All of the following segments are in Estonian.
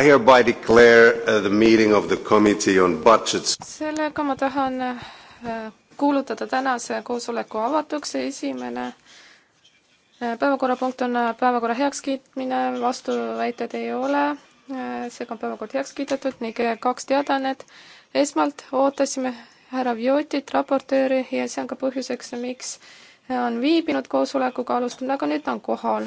I hereby declare uh, the meeting of the committee on budgets. sellega ma tahan äh, kuulutada tänase koosoleku avatuks, esimene äh, päevakorrapunkt on äh, päevakorra heakskiitmine, vastuväiteid ei ole, seega on päevakord heaks kiidetud ning kaks teadaannet. esmalt ootasime härra Viotit, raportööri ja see on ka põhjuseks, miks on viibinud koosolekuga alustanud, aga nüüd ta on kohal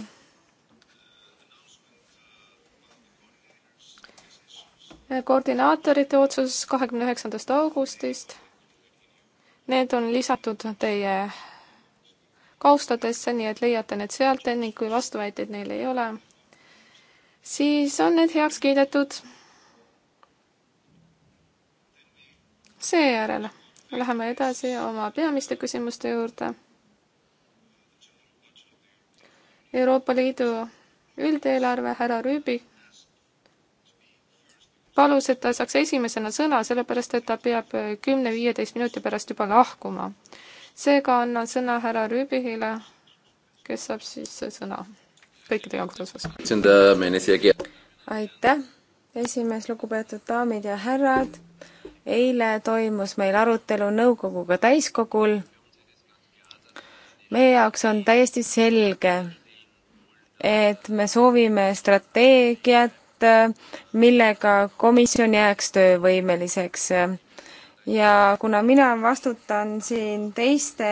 koordinaatorite otsus kahekümne üheksandast augustist. Need on lisatud teie kaustadesse, nii et leiate need sealt ning kui vastuväiteid neil ei ole, siis on need heaks kiidetud. seejärel läheme edasi oma peamiste küsimuste juurde. Euroopa Liidu üldeelarve, härra Rüübik palus, et ta saaks esimesena sõna, sellepärast et ta peab kümne-viieteist minuti pärast juba lahkuma. seega annan sõna härra Rüübihile, kes saab siis sõna kõikide jaoks osas. aitäh, esimees, lugupeetud daamid ja härrad. eile toimus meil arutelu nõukoguga täiskogul. meie jaoks on täiesti selge, et me soovime strateegiat, Äh, millega komisjon jääks töövõimeliseks. ja kuna mina vastutan siin teiste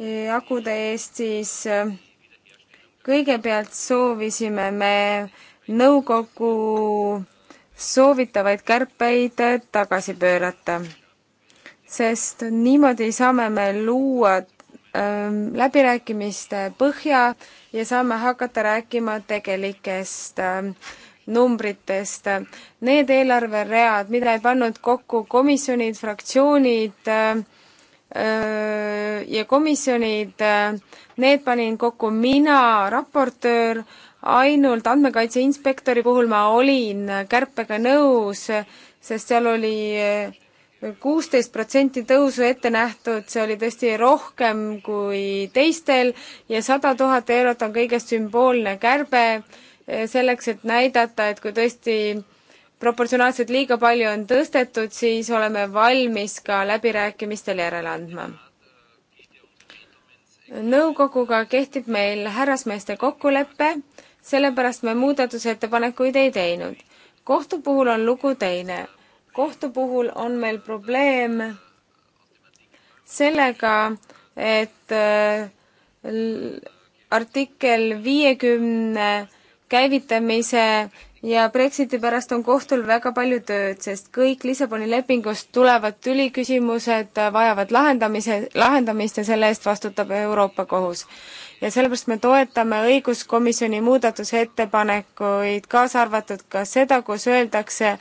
jagude äh, eest, siis äh, kõigepealt soovisime me nõukogu soovitavaid kärpeid tagasi pöörata, sest niimoodi saame me luua ähm, läbirääkimiste põhja ja saame hakata rääkima tegelikest ähm, numbritest. Need eelarveread, mida ei pannud kokku komisjonid, fraktsioonid äh, ja komisjonid, äh, need panin kokku mina, raportöör, ainult andmekaitse inspektori puhul ma olin kärpega nõus, sest seal oli äh, kuusteist protsenti tõusu ette nähtud, see oli tõesti rohkem kui teistel ja sada tuhat eurot on kõige sümboolne kärbe Eh, selleks, et näidata, et kui tõesti proportsionaalselt liiga palju on tõstetud, siis oleme valmis ka läbirääkimistel järele andma. nõukoguga kehtib meil härrasmeeste kokkulepe, sellepärast me muudatusettepanekuid ei teinud. kohtu puhul on lugu teine. kohtu puhul on meil probleem sellega, et äh, artikkel viiekümne 50 käivitamise ja Brexiti pärast on kohtul väga palju tööd, sest kõik Lissaboni lepingust tulevad tüliküsimused vajavad lahendamise, lahendamist ja selle eest vastutab Euroopa Kohus. ja sellepärast me toetame õiguskomisjoni muudatusettepanekuid, kaasa arvatud ka seda, kus öeldakse,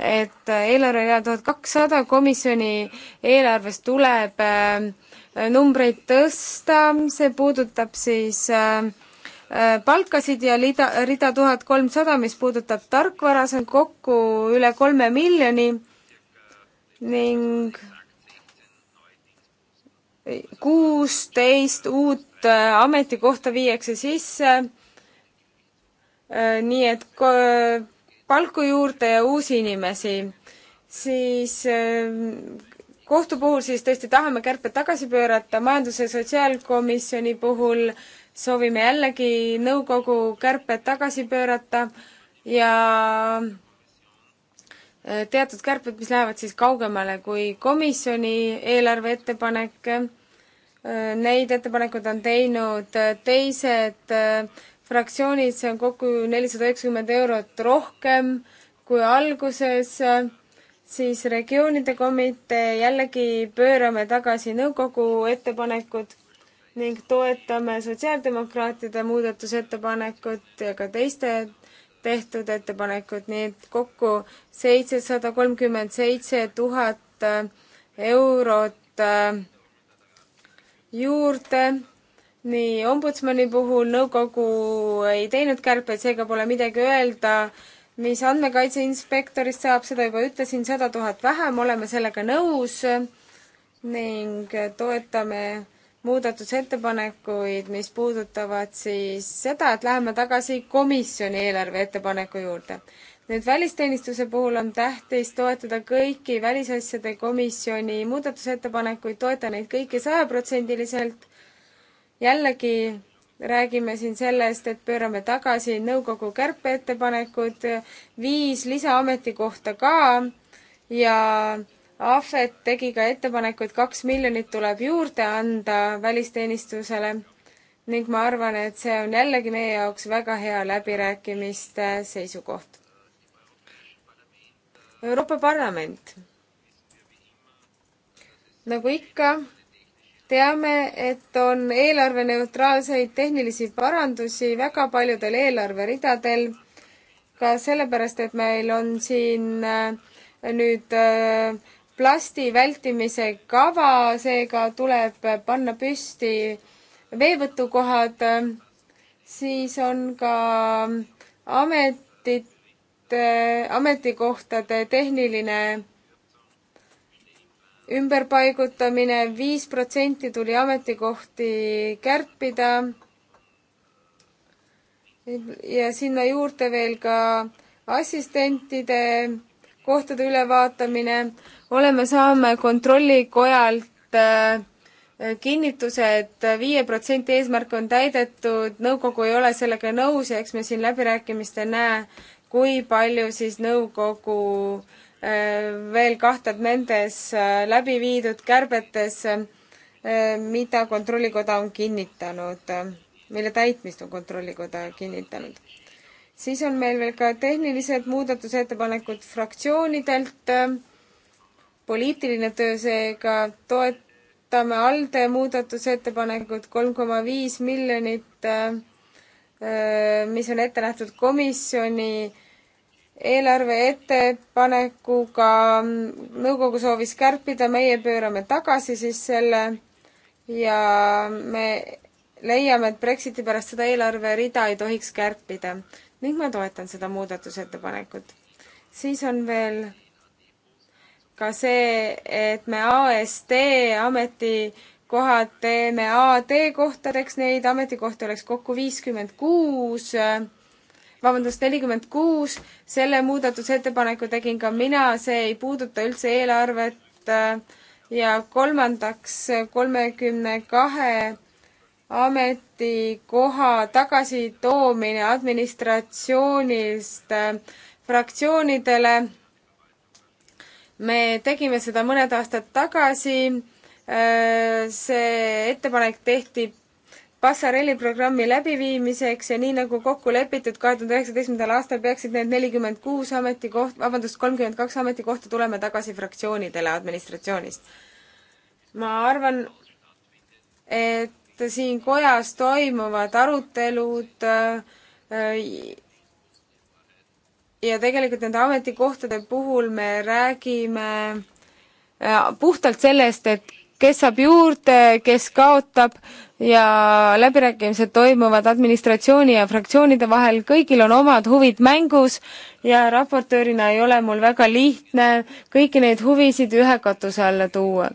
et eelarverea tuhat kakssada komisjoni eelarves tuleb äh, numbreid tõsta, see puudutab siis äh, Äh, palkasid ja lida, rida tuhat kolmsada, mis puudutab tarkvara, see on kokku üle kolme miljoni ning kuusteist uut äh, ametikohta viiakse sisse, äh, nii et palku juurde ja uusi inimesi, siis kohtu puhul siis tõesti tahame kärped tagasi pöörata, majandus- ja sotsiaalkomisjoni puhul soovime jällegi nõukogu kärped tagasi pöörata ja äh, teatud kärped, mis lähevad siis kaugemale kui komisjoni eelarve ettepanek. Äh, neid ettepanekuid on teinud äh, teised fraktsioonid, see on kokku nelisada üheksakümmend eurot rohkem kui alguses, siis regioonide komitee, jällegi pöörame tagasi nõukogu ettepanekud ning toetame sotsiaaldemokraatide muudatusettepanekut ja ka teiste tehtud ettepanekud, nii et kokku seitsesada kolmkümmend seitse tuhat äh, eurot äh, juurde. nii ombudsmani puhul nõukogu ei teinud kärpeid, seega pole midagi öelda. mis andmekaitse inspektorist saab, seda juba ütlesin, sada tuhat vähem, oleme sellega nõus ning toetame muudatusettepanekuid, mis puudutavad siis seda, et läheme tagasi komisjoni eelarve ettepaneku juurde. nüüd välisteenistuse puhul on tähtis toetada kõiki Välisasjade Komisjoni muudatusettepanekuid, toetan neid kõiki sajaprotsendiliselt. jällegi räägime siin sellest, et pöörame tagasi nõukogu kärpeettepanekud, viis lisaametikohta ka ja Ahvet tegi ka ettepaneku, et kaks miljonit tuleb juurde anda välisteenistusele ning ma arvan, et see on jällegi meie jaoks väga hea läbirääkimiste seisukoht. Euroopa Parlament. nagu ikka, teame, et on eelarveneutraalseid tehnilisi parandusi väga paljudel eelarveridadel, ka sellepärast, et meil on siin äh, nüüd äh, plasti vältimise kava, seega tuleb panna püsti veevõtukohad, siis on ka ametite, ametikohtade tehniline ümberpaigutamine, viis protsenti tuli ametikohti kärpida ja sinna juurde veel ka assistentide kohtade ülevaatamine oleme, saame kontrollikojalt äh, kinnituse, et viie protsendi eesmärk on täidetud, nõukogu ei ole sellega nõus ja eks me siin läbirääkimistel näe, kui palju siis nõukogu äh, veel kahtleb nendes äh, läbi viidud kärbetes, mida Kontrollikoda on kinnitanud, mille täitmist on Kontrollikoda kinnitanud. siis on meil veel ka tehnilised muudatusettepanekud fraktsioonidelt poliitiline töö, seega toetame ALDE muudatusettepanekut kolm koma viis miljonit, äh, mis on ette nähtud komisjoni eelarve ettepanekuga, nõukogu soovis kärpida, meie pöörame tagasi siis selle ja me leiame, et Brexiti pärast seda eelarverida ei tohiks kärpida ning ma toetan seda muudatusettepanekut. siis on veel ka see, et me AST ametikohad teeme AD kohtadeks, neid ametikohti oleks kokku viiskümmend kuus, vabandust, nelikümmend kuus, selle muudatusettepaneku tegin ka mina, see ei puuduta üldse eelarvet ja kolmandaks kolmekümne kahe ametikoha tagasitoomine administratsioonist fraktsioonidele me tegime seda mõned aastad tagasi, äh, see ettepanek tehti Passarelli programmi läbiviimiseks ja nii nagu kokku lepitud kahe tuhande üheksateistkümnendal aastal peaksid need nelikümmend kuus ametikoht, vabandust, kolmkümmend kaks ametikohta tulema tagasi fraktsioonidele administratsioonist. ma arvan, et siin kojas toimuvad arutelud äh, ja tegelikult nende ametikohtade puhul me räägime äh, puhtalt sellest, et kes saab juurde, kes kaotab ja läbirääkimised toimuvad administratsiooni ja fraktsioonide vahel, kõigil on omad huvid mängus ja raportöörina ei ole mul väga lihtne kõiki neid huvisid ühe katuse alla tuua.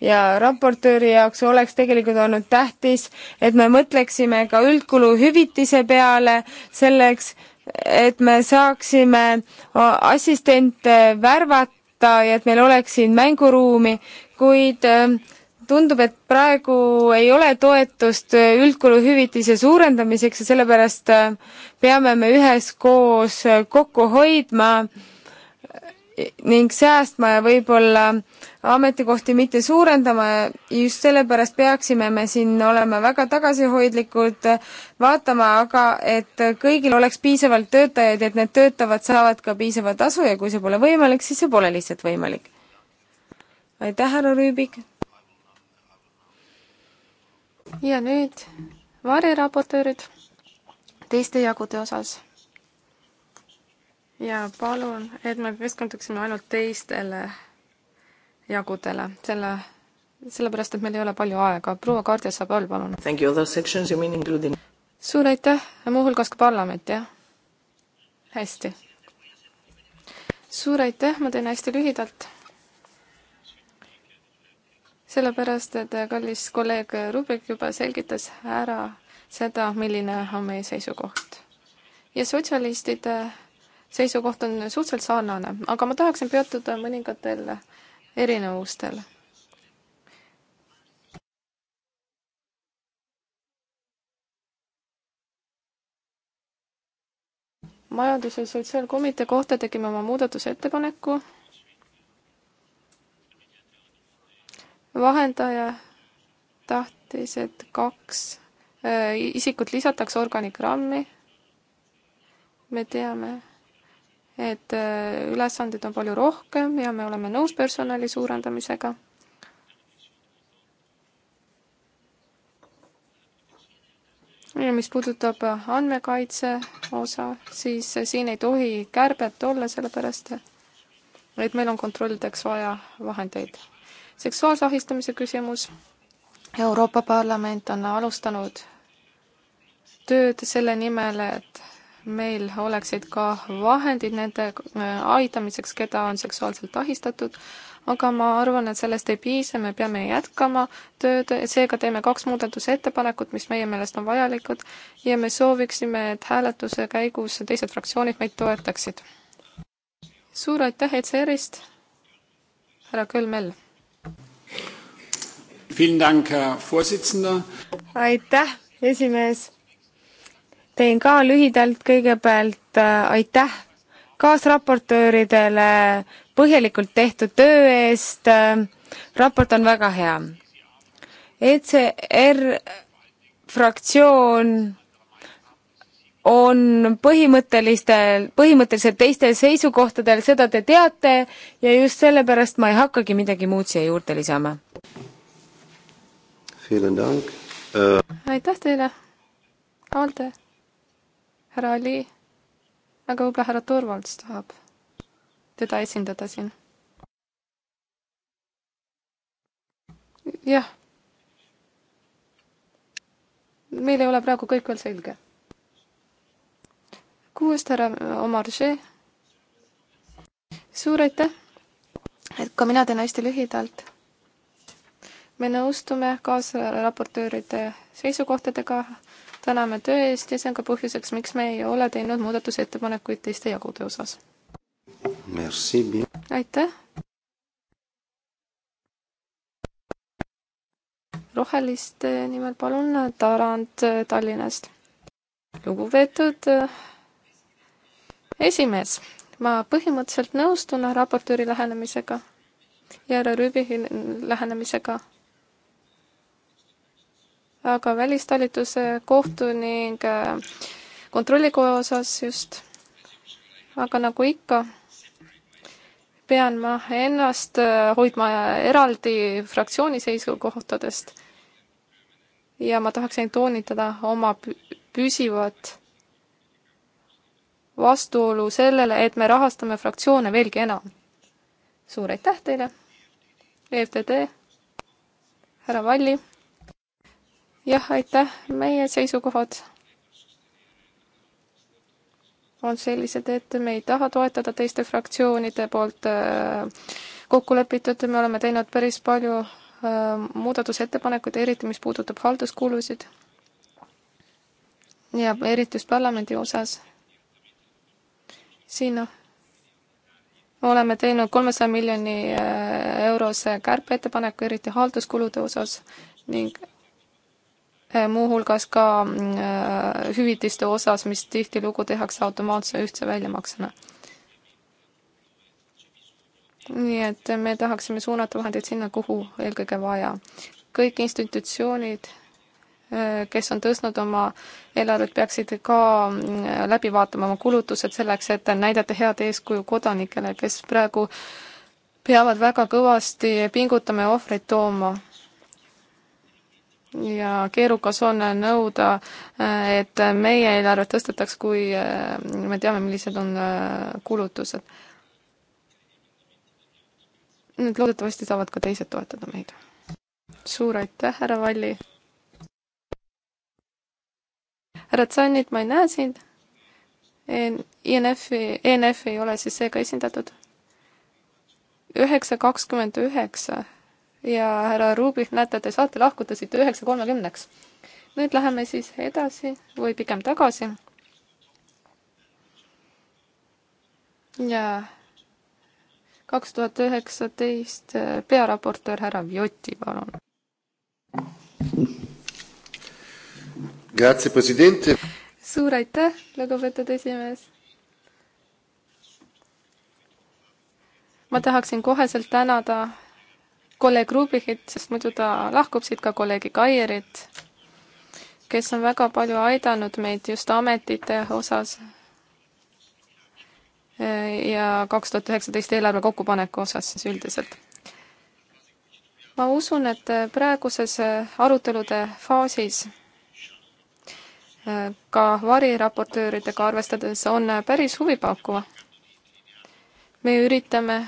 ja raportööri jaoks oleks tegelikult olnud tähtis, et me mõtleksime ka üldkuluhüvitise peale selleks, et me saaksime assistente värvata ja et meil oleks siin mänguruumi, kuid ähm, tundub, et praegu ei ole toetust äh, üldkuluhüvitise suurendamiseks ja sellepärast äh, peame me üheskoos äh, kokku hoidma ning säästma ja võib-olla äh, ametikohti mitte suurendama ja just sellepärast peaksime me siin olema väga tagasihoidlikud, vaatama aga, et kõigil oleks piisavalt töötajaid, et need töötavad saavad ka piisava tasu ja kui see pole võimalik, siis see pole lihtsalt võimalik. aitäh, härra Rüübik! ja nüüd variraportöörid teiste jagude osas ja palun, et me keskenduksime ainult teistele jagudele, selle, sellepärast et meil ei ole palju aega. proua Kaardia Sabal, palun. suur aitäh, muuhulgas ka parlament, jah? hästi. suur aitäh, ma teen hästi lühidalt sellepärast, et kallis kolleeg Rubrik juba selgitas ära seda, milline on meie seisukoht. ja sotsialistide seisukoht on suhteliselt sarnane, aga ma tahaksin peatuda mõningatel erinevustel. majandus- ja sotsiaalkomitee kohta tegime oma muudatusettepaneku. vahendaja tahtis, et kaks äh, isikut lisatakse organigrammi. me teame et äh, ülesandeid on palju rohkem ja me oleme nõus personali suurendamisega. ja mis puudutab andmekaitse osa, siis siin ei tohi kärbet olla, sellepärast et meil on kontrollideks vaja vahendeid. seksuaalse ahistamise küsimus. Euroopa Parlament on alustanud tööd selle nimel, et meil oleksid ka vahendid nende äh, aitamiseks, keda on seksuaalselt ahistatud, aga ma arvan, et sellest ei piisa, me peame jätkama tööd, seega teeme kaks muudatusettepanekut, mis meie meelest on vajalikud ja me sooviksime, et hääletuse käigus teised fraktsioonid meid toetaksid. suur aitäh ECR-ist, härra Kölmel! aitäh, esimees teen ka lühidalt kõigepealt äh, aitäh kaasraportööridele põhjalikult tehtud töö eest. Äh, raport on väga hea. ECR fraktsioon on põhimõttelistel, põhimõtteliselt teistel seisukohtadel, seda te teate ja just sellepärast ma ei hakkagi midagi muud siia juurde lisama. Äh. aitäh teile, Alde härra Ali, aga võib-olla härra Torvalds tahab teda esindada siin. jah. meil ei ole praegu kõik veel selge. kuuest härra Omar Žee. suur aitäh, et ka mina teen hästi lühidalt me nõustume kaasraportööride seisukohtadega täname töö eest ja see on ka põhjuseks, miks me ei ole teinud muudatusettepanekuid teiste jagude osas. aitäh. roheliste nimel palun Tarand Tallinnast. lugupeetud äh, esimees, ma põhimõtteliselt nõustun raportööri lähenemisega ja härra Rüübi lähenemisega aga välistalituse kohtu ning äh, kontrollikoja osas just. aga nagu ikka, pean ma ennast äh, hoidma eraldi fraktsiooni seisukohtadest. ja ma tahaksin toonitada oma püsivat vastuolu sellele, et me rahastame fraktsioone veelgi enam. suur aitäh teile, EFTD, härra Valli jah, aitäh, meie seisukohad on sellised, et me ei taha toetada teiste fraktsioonide poolt äh, kokku lepitud, me oleme teinud päris palju äh, muudatusettepanekuid, eriti mis puudutab halduskulusid ja eriti just parlamendi osas. siin noh, oleme teinud kolmesaja miljoni äh, eurose kärpeettepaneku, eriti halduskulude osas ning Äh, muuhulgas ka mm, äh, hüvitiste osas, mis tihtilugu tehakse automaatse ühtse väljamaksena. nii et me tahaksime suunata vahendeid sinna, kuhu eelkõige vaja. kõik institutsioonid äh, kes on tõstnud oma eelarvet, peaksid ka mm, läbi vaatama oma kulutused selleks, et näidata head eeskuju kodanikele, kes praegu peavad väga kõvasti pingutama ja ohvreid tooma ja keerukas on nõuda, et meie eelarvet tõstetaks, kui äh, me teame, millised on äh, kulutused. nüüd loodetavasti saavad ka teised toetada meid. suur aitäh, härra Valli! härra Tsannit ma ei näe siin. INF-i, e ENF ei ole siis seega esindatud. üheksa kakskümmend üheksa ja härra Rubik, näete, te saate lahkuda siit üheksa kolmekümneks. nüüd läheme siis edasi või pigem tagasi. ja kaks tuhat üheksateist äh, pearaportöör härra Vjoti, palun. suur aitäh, lugupeetud esimees. ma tahaksin koheselt tänada kolleeg Rubihit, sest muidu ta lahkub siit ka kolleegi Kairit, kes on väga palju aidanud meid just ametite osas ja kaks tuhat üheksateist eelarve kokkupaneku osas siis üldiselt. ma usun, et praeguses arutelude faasis ka variraportööridega arvestades on päris huvipakkuv. me üritame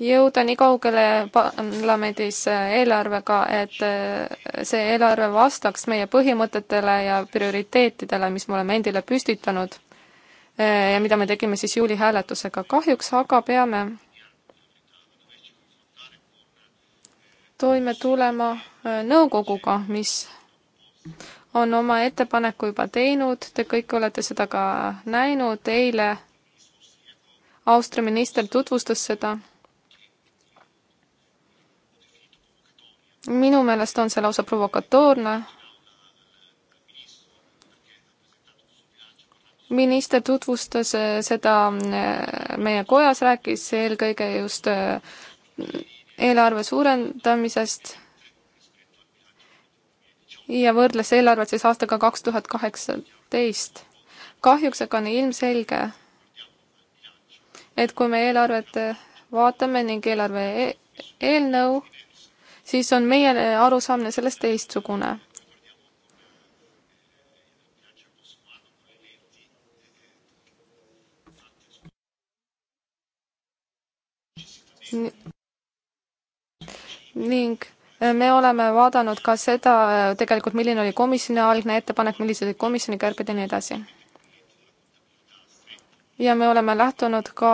jõuda nii kaugele parlamendis äh, eelarvega, et äh, see eelarve vastaks meie põhimõtetele ja prioriteetidele, mis me oleme endile püstitanud äh, ja mida me tegime siis juuli hääletusega. kahjuks aga peame toime tulema nõukoguga, mis on oma ettepaneku juba teinud, te kõik olete seda ka näinud, eile Austria minister tutvustas seda minu meelest on see lausa provokatoorne. minister tutvustas äh, seda äh, meie kojas, rääkis eelkõige just äh, eelarve suurendamisest ja võrdles eelarvet siis aastaga kaks tuhat kaheksateist. kahjuks aga on ilmselge, et kui me eelarvet vaatame ning eelarve e eelnõu, siis on meie arusaamine sellest teistsugune. ning äh, me oleme vaadanud ka seda äh, tegelikult, milline oli komisjoni algne ettepanek, millised olid komisjoni kärped ja nii edasi. ja me oleme lähtunud ka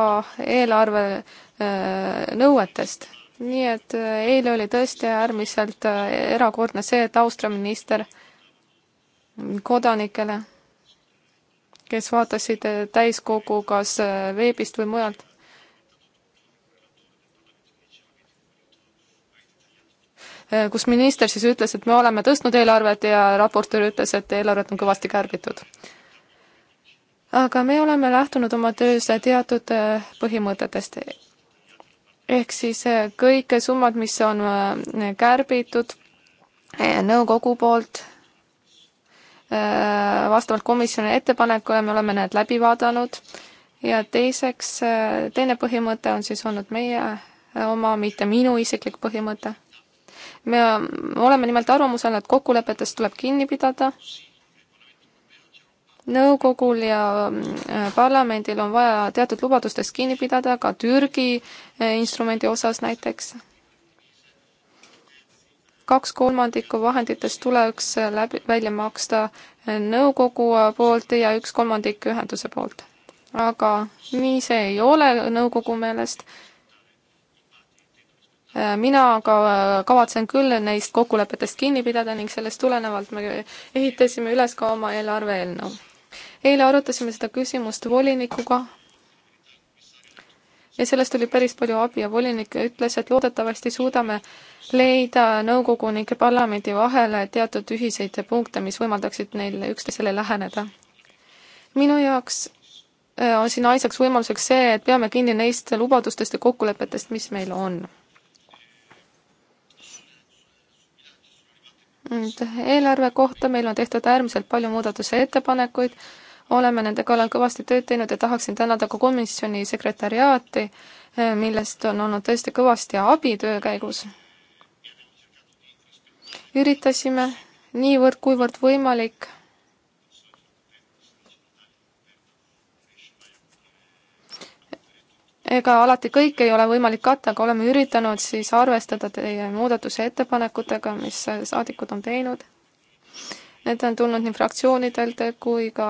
eelarve äh, nõuetest nii et äh, eile oli tõesti äärmiselt äh, erakordne see, et Austria minister kodanikele, kes vaatasid äh, täiskogu kas veebist või mujalt, kus minister siis ütles, et me oleme tõstnud eelarvet ja raportöör ütles, et eelarvet on kõvasti kärbitud. aga me oleme lähtunud oma töös teatud põhimõtetest ehk siis eh, kõik summad, mis on eh, kärbitud eh, nõukogu poolt vastavalt komisjoni ettepanekule, me oleme need läbi vaadanud ja teiseks, teine põhimõte on siis olnud meie oma, mitte minu isiklik põhimõte. me mm, oleme nimelt arvamusel, et kokkulepetest tuleb kinni pidada nõukogul ja mm, äh, parlamendil on vaja teatud lubadustest kinni pidada, ka Türgi äh, instrumendi osas näiteks. kaks kolmandikku vahenditest tuleks äh, läbi, välja maksta nõukogu poolt ja üks kolmandik ühenduse poolt. aga nii see ei ole nõukogu meelest. mina aga kavatsen küll neist kokkulepetest kinni pidada ning sellest tulenevalt me ehitasime üles ka oma eelarve eelnõu eile arutasime seda küsimust volinikuga ja sellest oli päris palju abi ja volinik ütles, et loodetavasti suudame leida nõukogu ning parlamendi vahele teatud ühiseid punkte, mis võimaldaksid neil üksteisele läheneda. minu jaoks äh, on siin ainsaks võimaluseks see, et peame kinni neist lubadustest ja kokkulepetest, mis meil on nüüd eelarve kohta meil on tehtud äärmiselt palju muudatuse ettepanekuid, oleme nende kallal kõvasti tööd teinud ja tahaksin tänada ka komisjoni sekretäriaati, millest on olnud tõesti kõvasti abi töö käigus. üritasime niivõrd-kuivõrd võimalik ega alati kõike ei ole võimalik katta, aga oleme üritanud siis arvestada teie muudatuse ettepanekutega, mis saadikud on teinud. Need on tulnud nii fraktsioonidelt kui ka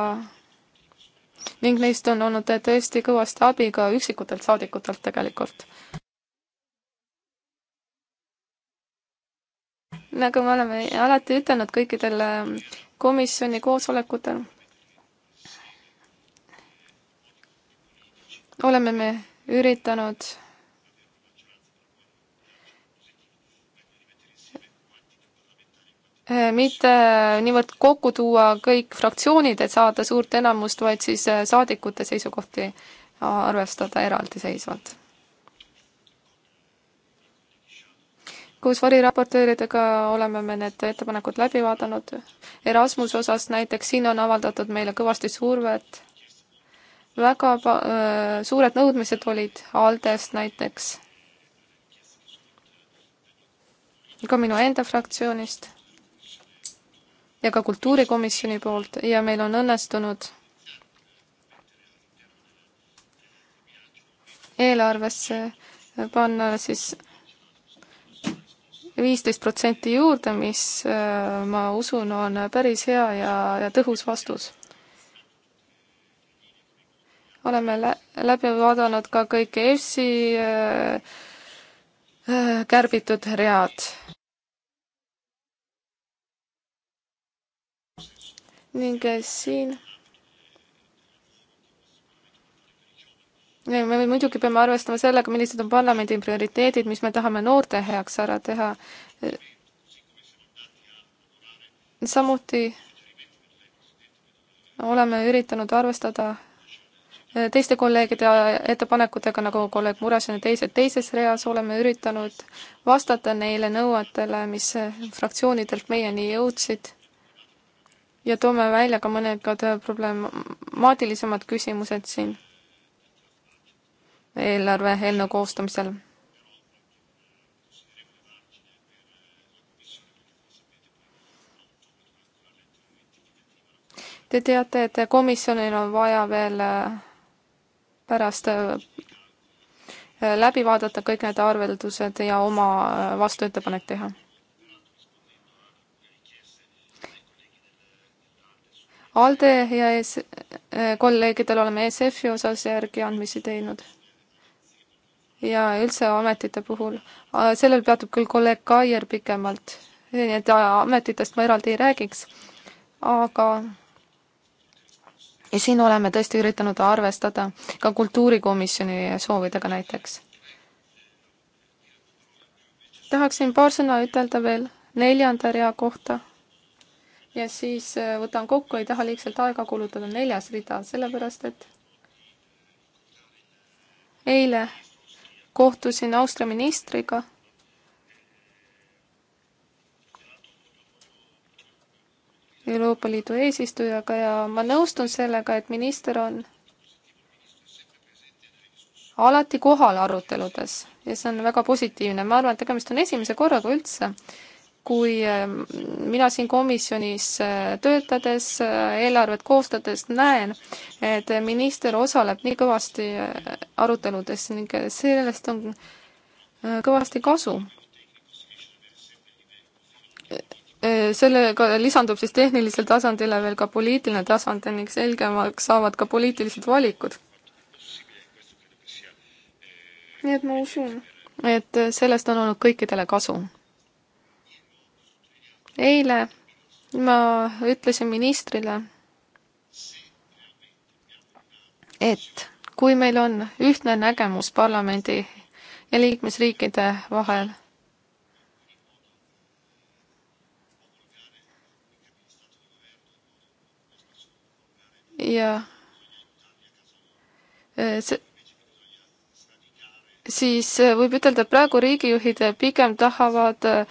ning neist on olnud tõesti kõvasti abi ka üksikutelt saadikutelt tegelikult. nagu me oleme alati ütelnud kõikidel komisjoni koosolekutel, oleme me üritanud äh, mitte niivõrd kokku tuua kõik fraktsioonid, et saada suurt enamust, vaid siis äh, saadikute seisukohti arvestada eraldiseisvalt. koos variraportööridega oleme me need ettepanekud läbi vaadanud. Erasmuse osas näiteks siin on avaldatud meile kõvasti survet väga äh, suured nõudmised olid ALDE-st näiteks, ka minu enda fraktsioonist ja ka kultuurikomisjoni poolt ja meil on õnnestunud eelarvesse panna siis viisteist protsenti juurde, mis äh, ma usun, on päris hea ja, ja tõhus vastus oleme läbi vaadanud ka kõik EFSi äh, äh, kärbitud read. ning äh, siin me muidugi peame arvestama sellega, millised on parlamendi prioriteedid, mis me tahame noorte heaks ära teha. samuti oleme üritanud arvestada teiste kolleegide ettepanekutega, nagu kolleeg Murasen ja teised teises reas, oleme üritanud vastata neile nõuetele, mis fraktsioonidelt meieni jõudsid ja toome välja ka mõned problemaatilisemad küsimused siin eelarve eelnõu koostamisel Te teate, et komisjonil on vaja veel pärast äh, läbi vaadata kõik need arveldused ja oma äh, vastuettepanek teha. ALDE ja ES-, äh, kolleegidel oleme ESF-i osas järgi andmisi teinud. ja üldse ametite puhul, sellel peatub küll kolleeg Kaier pikemalt, nii et ametitest ma eraldi ei räägiks, aga ja siin oleme tõesti üritanud arvestada ka kultuurikomisjoni soovidega näiteks. tahaksin paar sõna ütelda veel neljanda rea kohta ja siis äh, võtan kokku, ei taha liigselt aega kulutada, neljas rida, sellepärast et eile kohtusin Austria ministriga Euroopa Liidu eesistujaga ja ma nõustun sellega, et minister on alati kohal aruteludes ja see on väga positiivne. ma arvan, et tegemist on esimese korraga üldse, kui ähm, mina siin komisjonis äh, töötades, äh, eelarvet koostades näen, et minister osaleb nii kõvasti äh, aruteludes ning sellest on kõvasti kasu Äh, sellega lisandub siis tehnilisel tasandile veel ka poliitiline tasand ning selgemaks saavad ka poliitilised valikud. nii et ma usun, et sellest on olnud kõikidele kasu. eile ma ütlesin ministrile, et kui meil on ühtne nägemus parlamendi ja liikmesriikide vahel ja äh, see, siis äh, võib ütelda, et praegu riigijuhid pigem tahavad äh,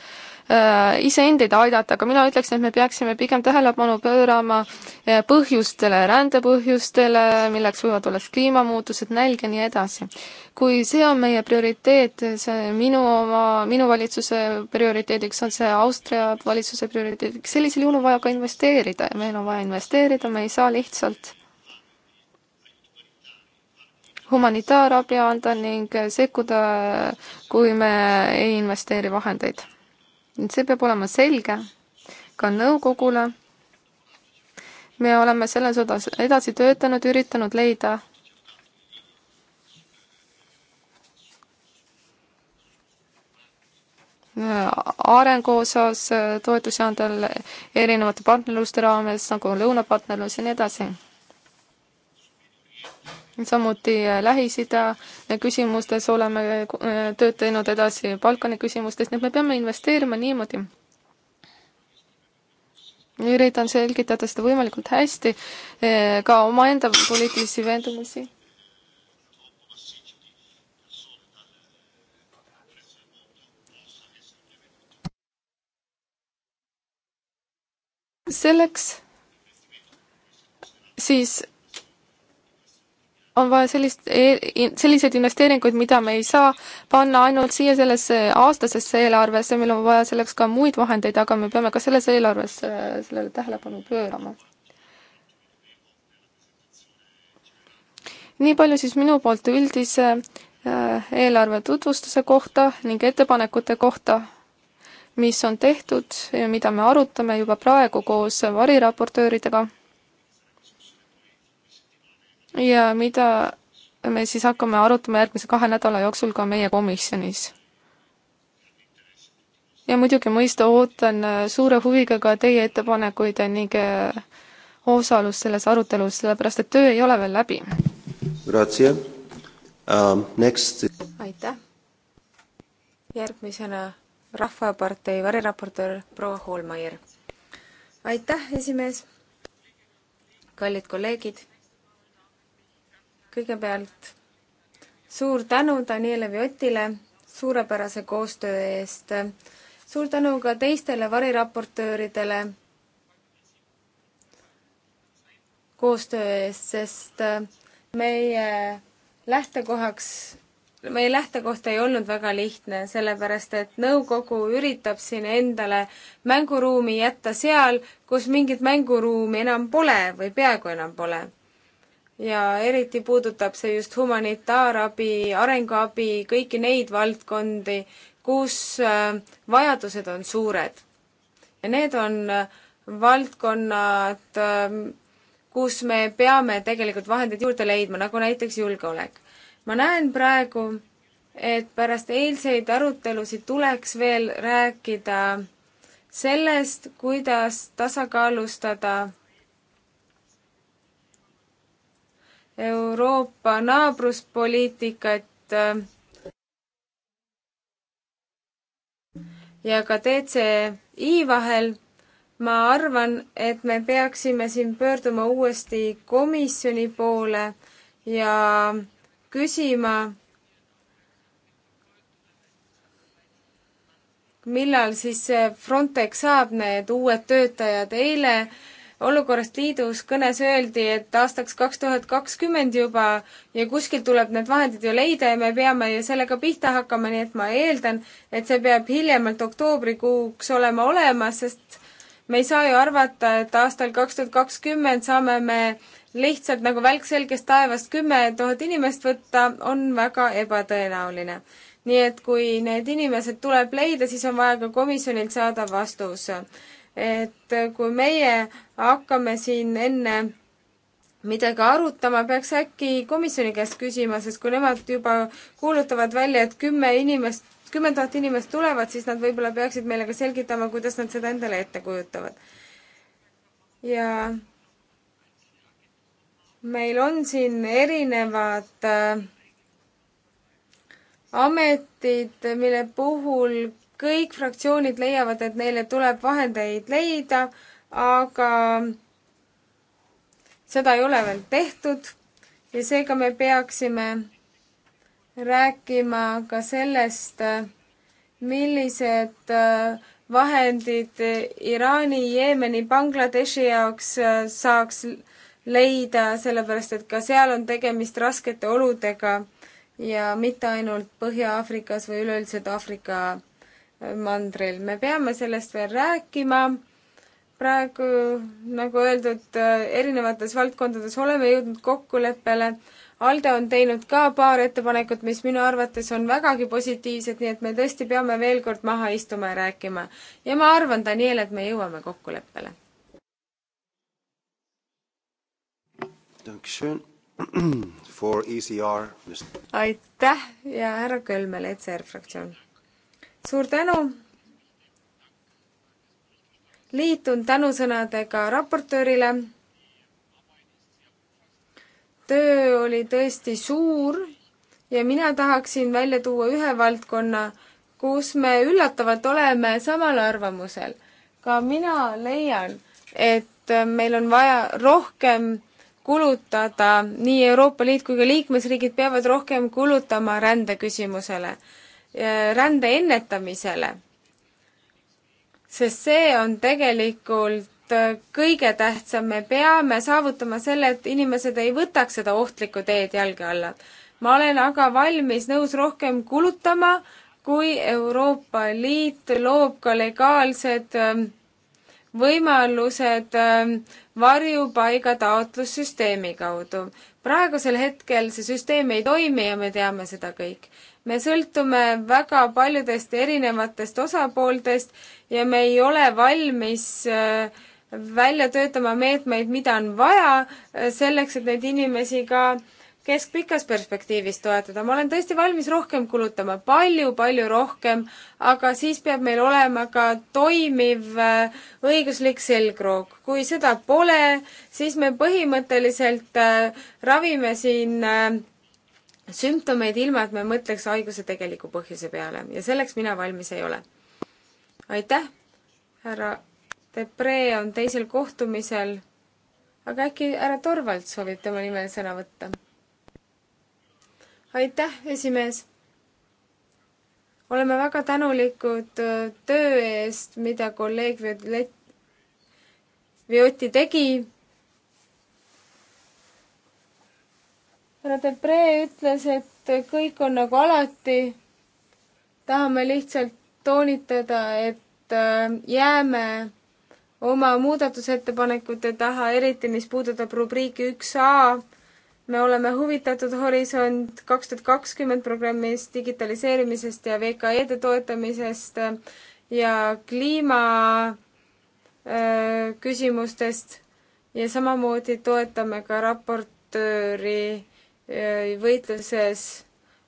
Äh, iseendeid aidata, aga mina ütleks, et me peaksime pigem tähelepanu pöörama äh, põhjustele, rändepõhjustele, milleks võivad olla kliimamuutused, nälg ja nii edasi. kui see on meie prioriteet, see minu oma, minu valitsuse prioriteediks on see Austria valitsuse prioriteediks, sellisel juhul on vaja ka investeerida ja meil on vaja investeerida, me ei saa lihtsalt humanitaarabi anda ning sekkuda, kui me ei investeeri vahendeid see peab olema selge ka nõukogule. me oleme selles osas edasi töötanud, üritanud leida arengu osas äh, toetusi anda erinevate partnerluste raames nagu lõunapartnerlus ja nii edasi samuti äh, Lähis-Ida küsimustes oleme äh, tööd teinud edasi, Balkani küsimustes, nii et me peame investeerima niimoodi. üritan selgitada seda võimalikult hästi, äh, ka omaenda poliitilisi veendumusi selleks siis on vaja sellist, e, selliseid investeeringuid, mida me ei saa panna ainult siia sellesse aastasesse eelarvesse, meil on vaja selleks ka muid vahendeid, aga me peame ka selles eelarves äh, sellele tähelepanu pöörama. nii palju siis minu poolt üldise äh, eelarve tutvustuse kohta ning ettepanekute kohta, mis on tehtud ja mida me arutame juba praegu koos variraportööridega ja mida me siis hakkame arutama järgmise kahe nädala jooksul ka meie komisjonis. ja muidugi mõista ootan äh, suure huviga ka teie ettepanekuid ning äh, osalust selles arutelus, sellepärast et töö ei ole veel läbi. Um, next. aitäh. järgmisena Rahvapartei variraportöör proua Hoolmeier. aitäh, esimees. kallid kolleegid kõigepealt suur tänu Daniele Viotile suurepärase koostöö eest. suur tänu ka teistele variraportööridele koostöö eest, sest meie lähtekohaks, meie lähtekoht ei olnud väga lihtne, sellepärast et nõukogu üritab siin endale mänguruumi jätta seal, kus mingit mänguruumi enam pole või peaaegu enam pole ja eriti puudutab see just humanitaarabi, arenguabi, kõiki neid valdkondi, kus äh, vajadused on suured. ja need on äh, valdkonnad, ähm, kus me peame tegelikult vahendeid juurde leidma, nagu näiteks julgeolek. ma näen praegu, et pärast eilseid arutelusid tuleks veel rääkida sellest, kuidas tasakaalustada Euroopa naabruspoliitikat äh, ja ka DCI vahel, ma arvan, et me peaksime siin pöörduma uuesti komisjoni poole ja küsima, millal siis see Frontex saab need uued töötajad. eile olukorrast liidus kõnes öeldi, et aastaks kaks tuhat kakskümmend juba ja kuskilt tuleb need vahendid ju leida ja me peame ju sellega pihta hakkama, nii et ma eeldan, et see peab hiljemalt oktoobrikuuks olema olemas, sest me ei saa ju arvata, et aastal kaks tuhat kakskümmend saame me lihtsalt nagu välk selgest taevast kümme tuhat inimest võtta, on väga ebatõenäoline. nii et kui need inimesed tuleb leida, siis on vaja ka komisjonilt saada vastus et kui meie hakkame siin enne midagi arutama, peaks äkki komisjoni käest küsima, sest kui nemad juba kuulutavad välja, et kümme inimest, kümme tuhat inimest tulevad, siis nad võib-olla peaksid meile ka selgitama, kuidas nad seda endale ette kujutavad. ja meil on siin erinevad äh, ametid, mille puhul kõik fraktsioonid leiavad, et neile tuleb vahendeid leida, aga seda ei ole veel tehtud ja seega me peaksime rääkima ka sellest, millised äh, vahendid Iraani, Jeemeni, Bangladeshi jaoks äh, saaks leida, sellepärast et ka seal on tegemist raskete oludega ja mitte ainult Põhja-Aafrikas või üleüldiselt Aafrika mandril. me peame sellest veel rääkima. praegu, nagu öeldud, erinevates valdkondades oleme jõudnud kokkuleppele. Alde on teinud ka paar ettepanekut, mis minu arvates on vägagi positiivsed, nii et me tõesti peame veel kord maha istuma ja rääkima. ja ma arvan, Daniel, et me jõuame kokkuleppele. E aitäh ja härra Kölmel, ECR fraktsioon suur tänu! liitun tänusõnadega raportöörile. töö oli tõesti suur ja mina tahaksin välja tuua ühe valdkonna, kus me üllatavalt oleme samal arvamusel. ka mina leian, et meil on vaja rohkem kulutada, nii Euroopa Liit kui ka liikmesriigid peavad rohkem kulutama rändeküsimusele Äh, rände ennetamisele. sest see on tegelikult äh, kõige tähtsam, me peame saavutama selle, et inimesed ei võtaks seda ohtlikku teed jalge alla. ma olen aga valmis nõus rohkem kulutama, kui Euroopa Liit loob ka legaalsed ähm, võimalused ähm, varjupaiga taotlussüsteemi kaudu. praegusel hetkel see süsteem ei toimi ja me teame seda kõik me sõltume väga paljudest erinevatest osapooltest ja me ei ole valmis äh, välja töötama meetmeid, mida on vaja äh, selleks, et neid inimesi ka keskpikas perspektiivis toetada. ma olen tõesti valmis rohkem kulutama palju,, palju-palju rohkem, aga siis peab meil olema ka toimiv äh, õiguslik selgroog. kui seda pole, siis me põhimõtteliselt ravime siin sümptomeid, ilma et me mõtleks haiguse tegeliku põhjuse peale ja selleks mina valmis ei ole. aitäh, härra Depree on teisel kohtumisel, aga äkki härra Torvald soovib tema nimel sõna võtta? aitäh, esimees! oleme väga tänulikud äh, töö eest, mida kolleeg Violeti tegi härra Debre ütles, et kõik on nagu alati. tahame lihtsalt toonitada, et äh, jääme oma muudatusettepanekute taha, eriti mis puudutab rubriiki üks A. me oleme huvitatud Horisont kaks tuhat kakskümmend programmist, digitaliseerimisest ja VKE-de toetamisest ja kliima äh, küsimustest ja samamoodi toetame ka raportööri Äh, võitluses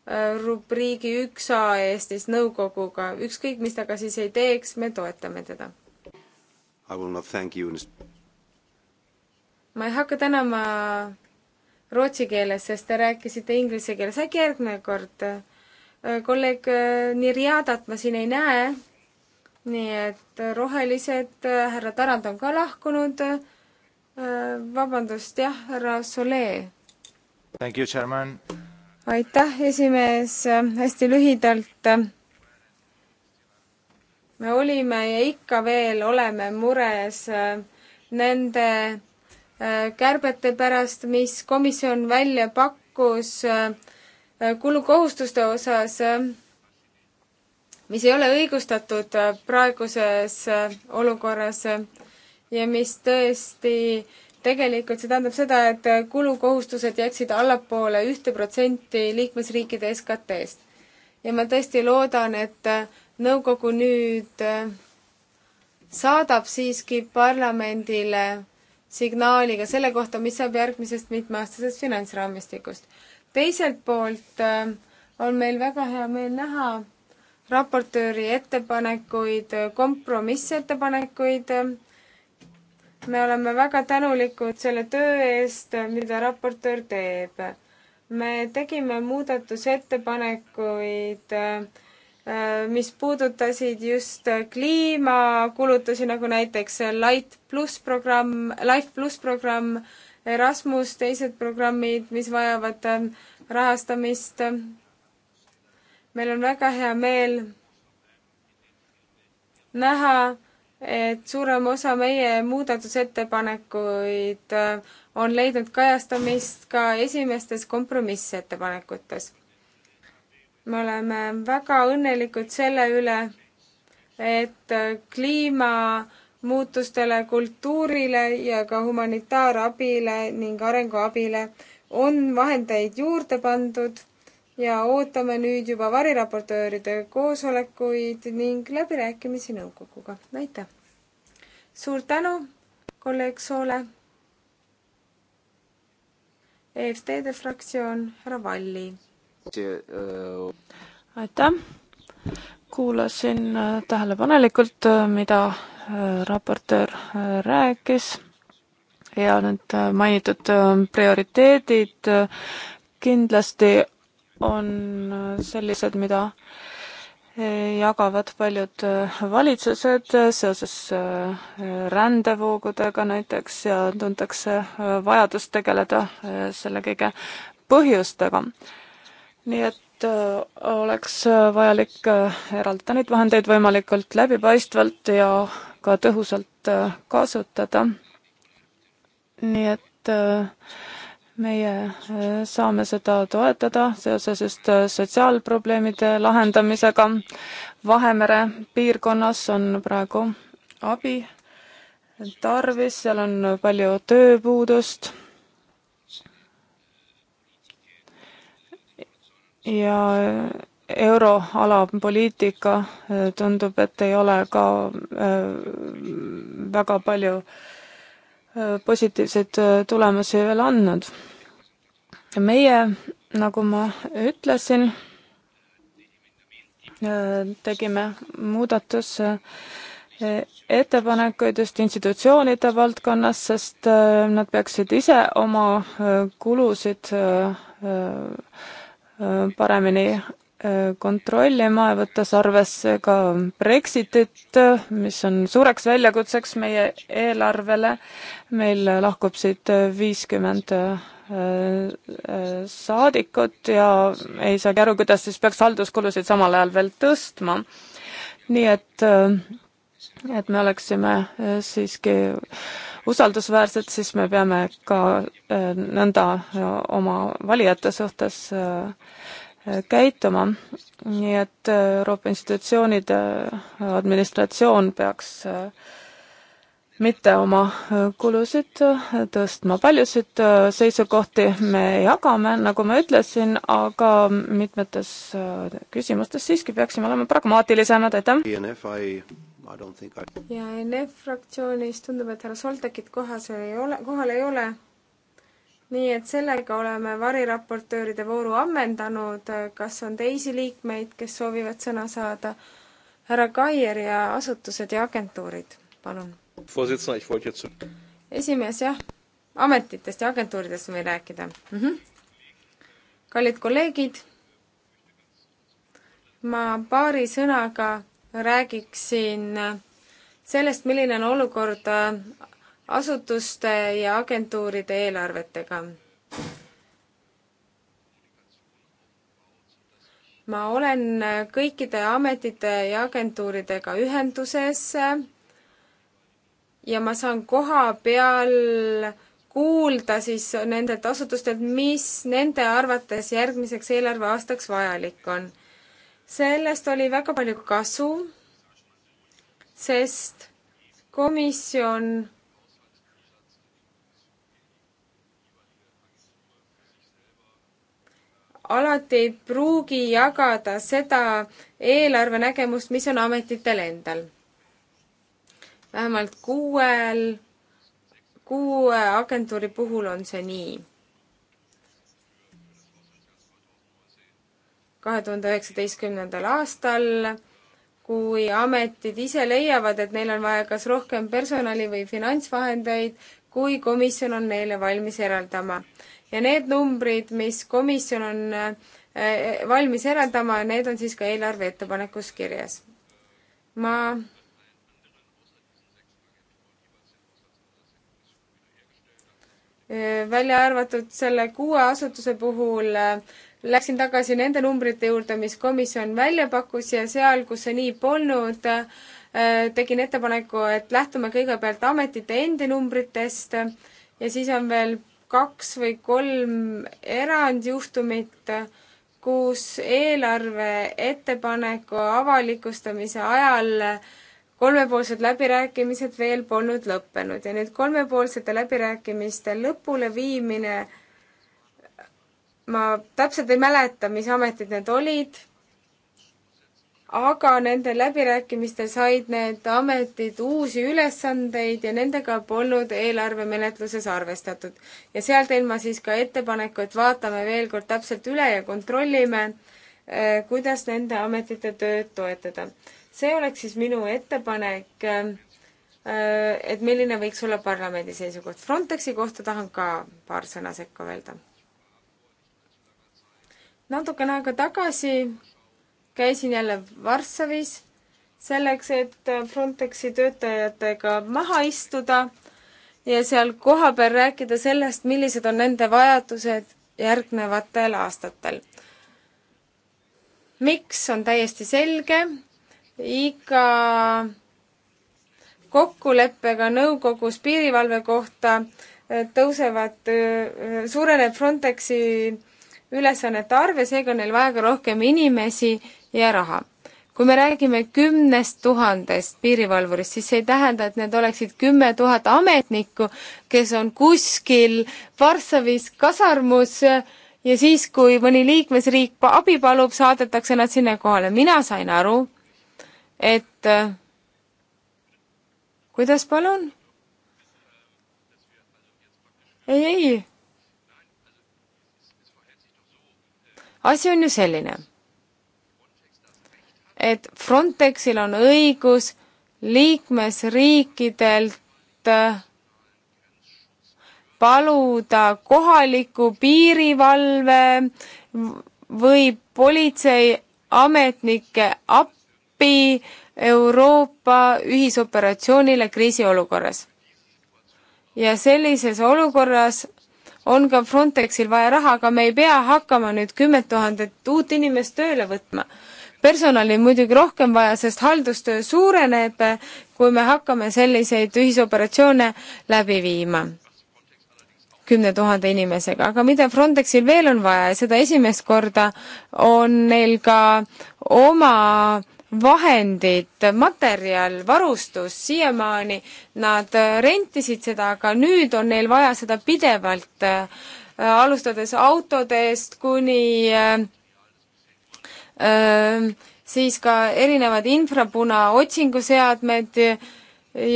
äh, rubriigi üks A Eestis nõukoguga, ükskõik mis ta ka siis ei teeks, me toetame teda. ma ei hakka tänama rootsi keeles, sest te rääkisite inglise keeles, äkki järgmine kord. Äh, kolleeg Nirjadat ma siin ei näe, nii et rohelised, härra Tarand on ka lahkunud, vabandust, jah, härra Solee aitäh, esimees, hästi lühidalt. me olime ja ikka veel oleme mures äh, nende äh, kärbete pärast, mis komisjon välja pakkus äh, kulukohustuste osas, mis ei ole õigustatud praeguses olukorras ja mis tõesti äh, tegelikult see tähendab seda, et kulukohustused jääksid allapoole ühte protsenti liikmesriikide SKT-st. ja ma tõesti loodan, et nõukogu nüüd äh, saadab siiski parlamendile signaali ka selle kohta, mis saab järgmisest mitmeaastasest finantsraamistikust. teiselt poolt äh, on meil väga hea meel näha raportööri ettepanekuid, kompromissettepanekuid, äh, me oleme väga tänulikud selle töö eest, mida raportöör teeb. me tegime muudatusettepanekuid, äh, mis puudutasid just kliimakulutusi, nagu näiteks Light pluss programm, Life pluss programm, Erasmus, teised programmid, mis vajavad äh, rahastamist. meil on väga hea meel näha, et suurem osa meie muudatusettepanekuid äh, on leidnud kajastamist ka esimestes kompromissettepanekutes. me oleme väga õnnelikud selle üle, et äh, kliimamuutustele, kultuurile ja ka humanitaarabile ning arenguabile on vahendeid juurde pandud ja ootame nüüd juba variraportööride koosolekuid ning läbirääkimisi nõukoguga. aitäh! suur tänu, kolleeg Soole! EFD-de fraktsioon, härra Valli. aitäh! kuulasin äh, tähelepanelikult, äh, mida äh, raportöör rääkis ja need mainitud prioriteedid kindlasti on sellised, mida jagavad paljud valitsused seoses äh, rändevoogudega näiteks ja tuntakse äh, vajadust tegeleda äh, selle kõige põhjustega. nii et oleks vajalik eraldada neid vahendeid võimalikult läbipaistvalt ja ka tõhusalt kasutada. nii et äh, meie äh, saame seda toetada seoses just äh, sotsiaalprobleemide lahendamisega. Vahemere piirkonnas on praegu abi tarvis, seal on palju tööpuudust. ja äh, euroala poliitika tundub, et ei ole ka väga palju äh, positiivseid äh, tulemusi veel andnud. meie, nagu ma ütlesin, äh, tegime muudatuse äh, ettepanekuid just institutsioonide valdkonnas, sest nad peaksid ise oma kulusid paremini Äh, kontrollima ja võttes arvesse ka Brexitit, mis on suureks väljakutseks meie eelarvele. meil lahkub siit viiskümmend äh, äh, saadikut ja ei saagi aru, kuidas siis peaks halduskulusid samal ajal veel tõstma. nii et, et me oleksime siiski usaldusväärsed, siis me peame ka nõnda oma valijate suhtes käituma, nii et äh, Euroopa institutsioonide äh, administratsioon peaks äh, mitte oma kulusid tõstma. paljusid seisukohti me jagame, nagu ma ütlesin, aga mitmetes küsimustes siiski peaksime olema pragmaatilisemad, aitäh! E ja e NF fraktsioonist tundub, et härra Soltekit kohas ei ole, kohal ei ole nii et sellega oleme variraportööride vooru ammendanud, kas on teisi liikmeid, kes soovivad sõna saada? härra Kaier ja asutused ja agentuurid, palun. esimees, jah, ametitest ja agentuuridest võin rääkida mm. -hmm. kallid kolleegid, ma paari sõnaga räägiksin sellest, milline on olukord äh, asutuste ja agentuuride eelarvetega. ma olen kõikide ametite ja agentuuridega ühenduses ja ma saan koha peal kuulda siis nendelt asutustelt, mis nende arvates järgmiseks eelarveaastaks vajalik on. sellest oli väga palju kasu, sest komisjon alati ei pruugi jagada seda eelarvenägemust, mis on ametitel endal. vähemalt kuuel, kuue agentuuri puhul on see nii. kahe tuhande üheksateistkümnendal aastal, kui ametid ise leiavad, et neil on vaja kas rohkem personali või finantsvahendeid, kui komisjon on neile valmis eraldama ja need numbrid, mis komisjon on eh, valmis eraldama, need on siis ka eelarve ettepanekus kirjas. ma eh, välja arvatud selle kuue asutuse puhul eh, läksin tagasi nende numbrite juurde, mis komisjon välja pakkus ja seal, kus see nii polnud, tegin ettepaneku, et lähtume kõigepealt ametite endi numbritest ja siis on veel kaks või kolm erandjuhtumit, kus eelarve ettepaneku avalikustamise ajal kolmepoolsed läbirääkimised veel polnud lõppenud ja nüüd kolmepoolsete läbirääkimiste lõpuleviimine, ma täpselt ei mäleta, mis ametid need olid aga nendel läbirääkimistel said need ametid uusi ülesandeid ja nendega polnud eelarvemenetluses arvestatud. ja seal teen ma siis ka ettepaneku, et vaatame veel kord täpselt üle ja kontrollime, eh, kuidas nende ametite tööd toetada. see oleks siis minu ettepanek, eh, et milline võiks olla parlamendi seisukoht. Frontexi kohta tahan ka paar sõna sekka öelda. natukene aega tagasi käisin jälle Varssavis selleks, et Frontexi töötajatega maha istuda ja seal kohapeal rääkida sellest, millised on nende vajadused järgnevatel aastatel. miks, on täiesti selge, iga kokkuleppega nõukogus piirivalve kohta eh, tõusevad, eh, suureneb Frontexi ülesannete arv ja seega on neil vaja ka rohkem inimesi ja raha. kui me räägime kümnest tuhandest piirivalvurist, siis see ei tähenda, et need oleksid kümme tuhat ametnikku, kes on kuskil Varssavis kasarmus ja siis, kui mõni liikmesriik abi palub, saadetakse nad sinna kohale. mina sain aru, et kuidas palun? ei, ei. asi on ju selline et Frontexil on õigus liikmesriikidelt äh, paluda kohaliku piirivalve või politseiametnike appi Euroopa ühisoperatsioonile kriisiolukorras. ja sellises olukorras on ka Frontexil vaja raha, aga me ei pea hakkama nüüd kümmet tuhandet uut inimest tööle võtma personali muidugi rohkem vaja, sest haldustöö suureneb, kui me hakkame selliseid ühisoperatsioone läbi viima kümne tuhande inimesega, aga mida Frontexil veel on vaja ja seda esimest korda, on neil ka oma vahendid, materjal, varustus, siiamaani nad rentisid seda, aga nüüd on neil vaja seda pidevalt, äh, alustades autodest kuni äh, siis ka erinevad infrapuna otsinguseadmed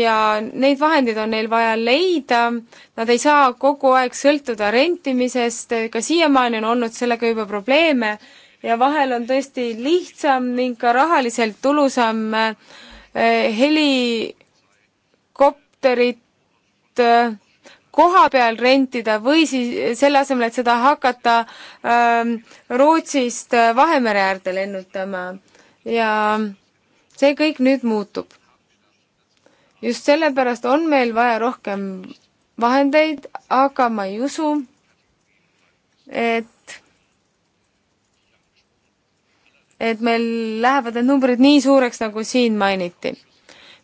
ja neid vahendeid on neil vaja leida, nad ei saa kogu aeg sõltuda rentimisest, ka siiamaani on olnud sellega juba probleeme ja vahel on tõesti lihtsam ning ka rahaliselt tulusam äh, helikopterit äh, koha peal rentida või siis selle asemel, et seda hakata ähm, Rootsist äh, Vahemere äärde lennutama. ja see kõik nüüd muutub. just sellepärast on meil vaja rohkem vahendeid, aga ma ei usu, et et meil lähevad need numbrid nii suureks, nagu siin mainiti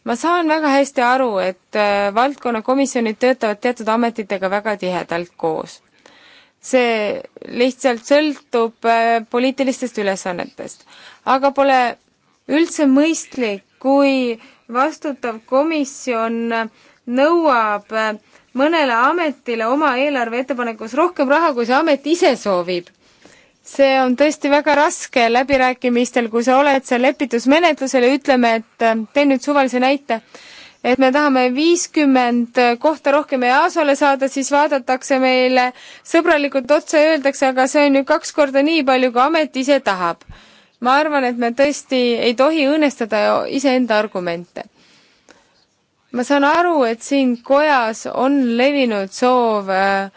ma saan väga hästi aru, et äh, valdkonnakomisjonid töötavad teatud ametitega väga tihedalt koos. see lihtsalt sõltub äh, poliitilistest ülesannetest. aga pole üldse mõistlik, kui vastutav komisjon nõuab äh, mõnele ametile oma eelarveettepanekus rohkem raha, kui see amet ise soovib see on tõesti väga raske läbirääkimistel, kui sa oled seal lepitusmenetlusel ja ütleme, et äh, teen nüüd suvalise näite, et me tahame viiskümmend kohta rohkem EASO-le saada, siis vaadatakse meile sõbralikult otsa ja öeldakse, aga see on ju kaks korda nii palju, kui amet ise tahab. ma arvan, et me tõesti ei tohi õõnestada iseenda argumente ma saan aru, et siin kojas on levinud soov äh,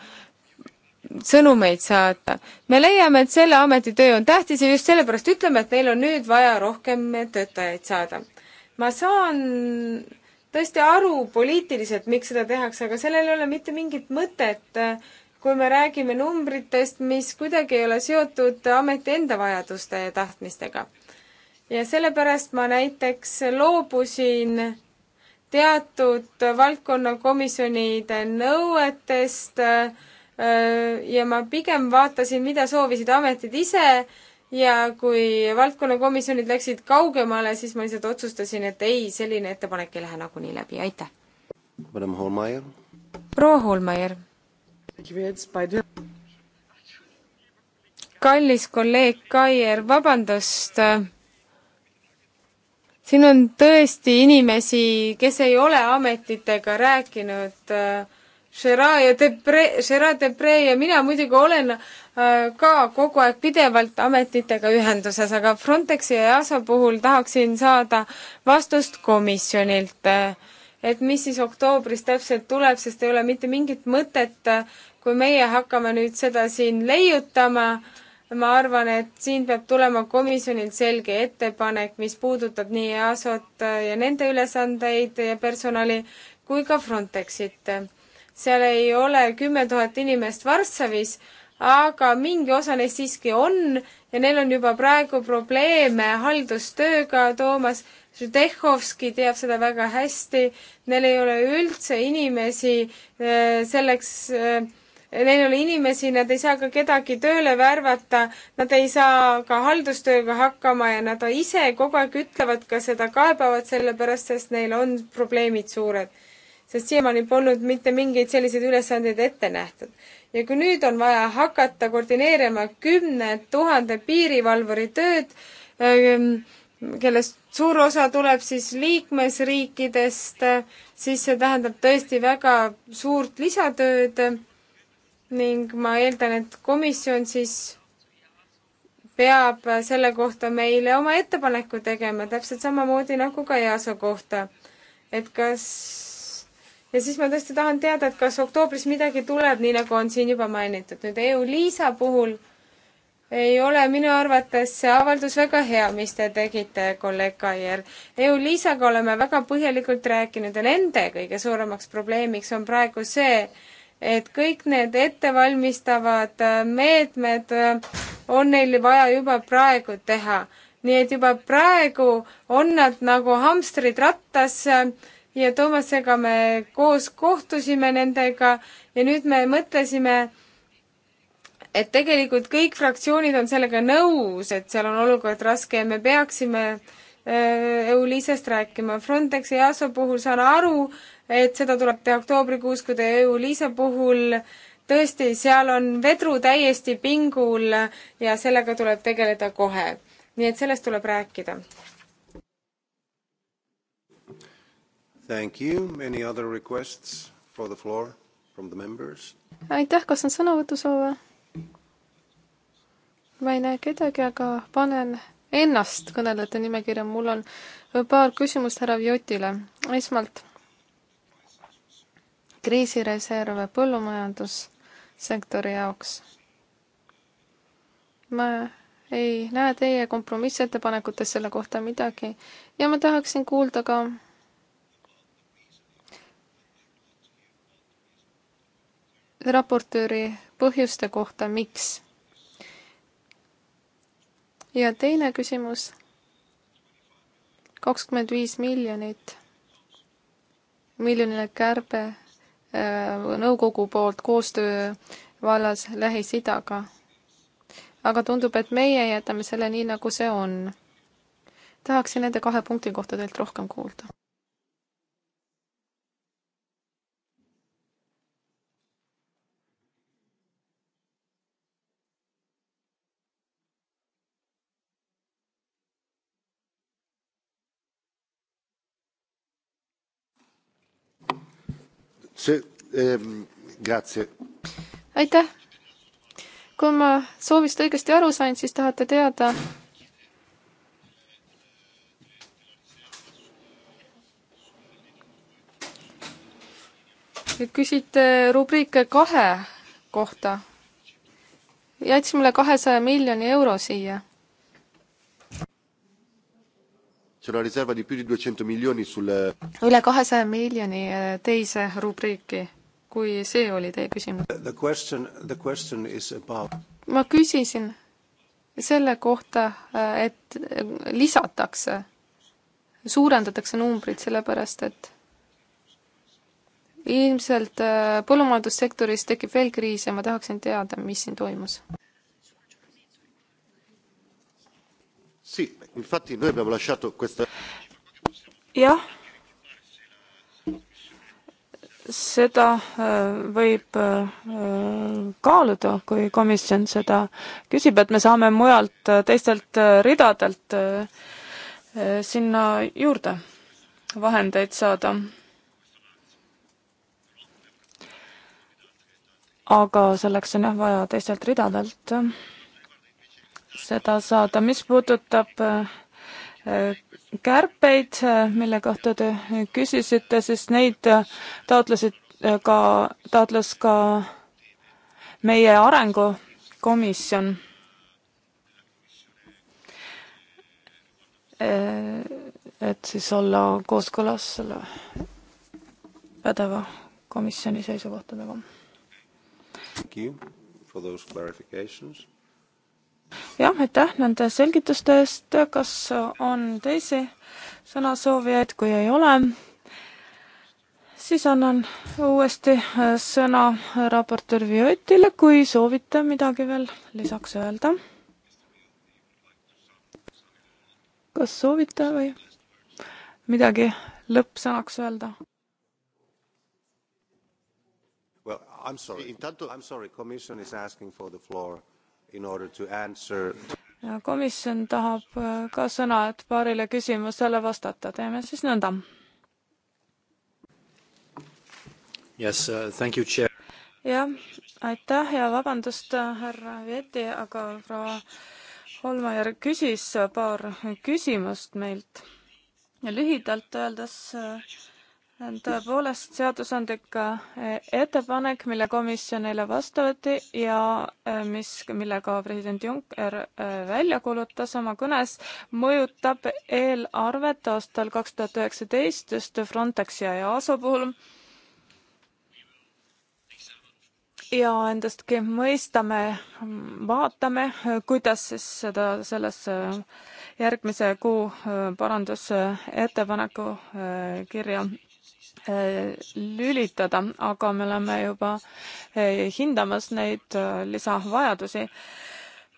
sõnumeid saata. me leiame, et selle ameti töö on tähtis ja just sellepärast ütleme, et neil on nüüd vaja rohkem töötajaid saada. ma saan tõesti aru poliitiliselt, miks seda tehakse, aga sellel ei ole mitte mingit mõtet, kui me räägime numbritest, mis kuidagi ei ole seotud ameti enda vajaduste ja tahtmistega. ja sellepärast ma näiteks loobusin teatud valdkonnakomisjonide nõuetest äh, Äh, ja ma pigem vaatasin, mida soovisid ametid ise ja kui valdkonnakomisjonid läksid kaugemale, siis ma lihtsalt otsustasin, et ei, selline ettepanek ei lähe nagunii läbi, aitäh. Madam Holmeier. proua Holmeier. kallis kolleeg Kaier, vabandust siin on tõesti inimesi, kes ei ole ametitega rääkinud äh, Gerard ja Debre, Gerard Debre ja mina muidugi olen äh, ka kogu aeg pidevalt ametitega ühenduses, aga Frontexi ja EASA puhul tahaksin saada vastust komisjonilt, äh, et mis siis oktoobris täpselt tuleb, sest ei ole mitte mingit mõtet, äh, kui meie hakkame nüüd seda siin leiutama ma arvan, et siin peab tulema komisjonilt selge ettepanek, mis puudutab nii EASO-t ja nende ülesandeid ja personali kui ka Frontexit seal ei ole kümme tuhat inimest Varssavis, aga mingi osa neist siiski on ja neil on juba praegu probleeme haldustööga, Toomas Ždechovski teab seda väga hästi, neil ei ole üldse inimesi äh, selleks, äh, neil ei ole inimesi, nad ei saa ka kedagi tööle värvata, nad ei saa ka haldustööga hakkama ja nad ise kogu aeg ütlevad ka seda, kaebavad selle pärast, sest neil on probleemid suured sest siiamaani polnud mitte mingeid selliseid ülesandeid ette nähtud. ja kui nüüd on vaja hakata koordineerima kümne tuhande piirivalvuri tööd, ähm, kellest suur osa tuleb siis liikmesriikidest, siis see tähendab tõesti väga suurt lisatööd ning ma eeldan, et komisjon siis peab selle kohta meile oma ettepaneku tegema, täpselt samamoodi nagu ka EASO kohta. et kas ja siis ma tõesti tahan teada, et kas oktoobris midagi tuleb, nii nagu on siin juba mainitud. nüüd EU-Liisa puhul ei ole minu arvates see avaldus väga hea, mis te tegite, kolleeg Kaier. EU-Liisaga oleme väga põhjalikult rääkinud ja nende kõige suuremaks probleemiks on praegu see, et kõik need ettevalmistavad äh, meetmed äh, on neil vaja juba praegu teha. nii et juba praegu on nad nagu hamstrid rattas äh, ja Toomasega me koos kohtusime nendega ja nüüd me mõtlesime, et tegelikult kõik fraktsioonid on sellega nõus, et seal on olukord raske ja me peaksime äh, EU-liisest rääkima. Frontex ja EASO puhul saan aru, et seda tuleb teha oktoobrikuus, kui ta EU-liise puhul tõesti, seal on vedru täiesti pingul ja sellega tuleb tegeleda kohe. nii et sellest tuleb rääkida. Thank you, any other requests for the floor from the members? aitäh, kas on sõnavõtusoove? ma ei näe kedagi, aga panen ennast kõnelejate nimekirja, mul on paar küsimust härra Vjotile. esmalt, kriisireserv põllumajandussektori jaoks. ma ei näe teie kompromissettepanekutes selle kohta midagi ja ma tahaksin kuulda ka raportööri põhjuste kohta, miks. ja teine küsimus. kakskümmend viis miljonit, miljoniline kärbe äh, nõukogu poolt koostöö vallas Lähis-Idaga. aga tundub, et meie jätame selle nii, nagu see on. tahaksin nende kahe punkti kohta teilt rohkem kuulda. Ehm, aitäh. kui ma soovist õigesti aru sain, siis tahate teada, küsite rubriike kahe kohta. jätsime üle kahesaja miljoni euro siia c'è una riserva di più di 200 miljoni sul üle kahesaja miljoni eh, teise rubriiki, kui see oli teie küsimus. The question, the question is about ma küsisin selle kohta, eh, et eh, lisatakse, suurendatakse numbrit, sellepärast et ilmselt põllumajandussektoris tekib veel kriise ja ma tahaksin teada, mis siin toimus. jah, seda äh, võib äh, äh, kaaluda, kui komisjon seda küsib, et me saame mujalt teistelt ridadelt sinna juurde vahendeid saada. aga selleks on jah vaja teistelt ridadelt seda saada. mis puudutab äh, kärpeid, äh, mille kohta te küsisite, siis neid äh, taotlesid ka, taotles ka meie arengukomisjon. et siis olla kooskõlas selle pädeva komisjoni seisukohtadega. Thank you for those clarifications jah, aitäh nende selgituste eest, kas on teisi sõnasoovijaid, kui ei ole, siis annan uuesti äh, sõna raportöör Viotile, kui soovite midagi veel lisaks öelda. kas soovite või midagi lõppsõnaks öelda? Well, I'm sorry. Intanto, I'm sorry, Commission is asking for the floor komisjon tahab äh, ka sõna, et paarile küsimusele vastata, teeme siis nõnda. Uh, jah, aitäh ja vabandust, äh, härra Vieti, aga proua Holmajärv küsis paar küsimust meilt ja lühidalt öeldes äh, Äh, tõepoolest seadusandlik äh, ettepanek, mille komisjon eile vastu võeti ja äh, mis, millega president Juncker välja kuulutas oma kõnes, mõjutab eelarvet aastal kaks tuhat üheksateist just Frontexi ja EASO puhul. ja endastki mõistame, vaatame, kuidas siis seda selles järgmise kuu parandusettepaneku kirja lülitada, aga me oleme juba eh, hindamas neid eh, lisavajadusi.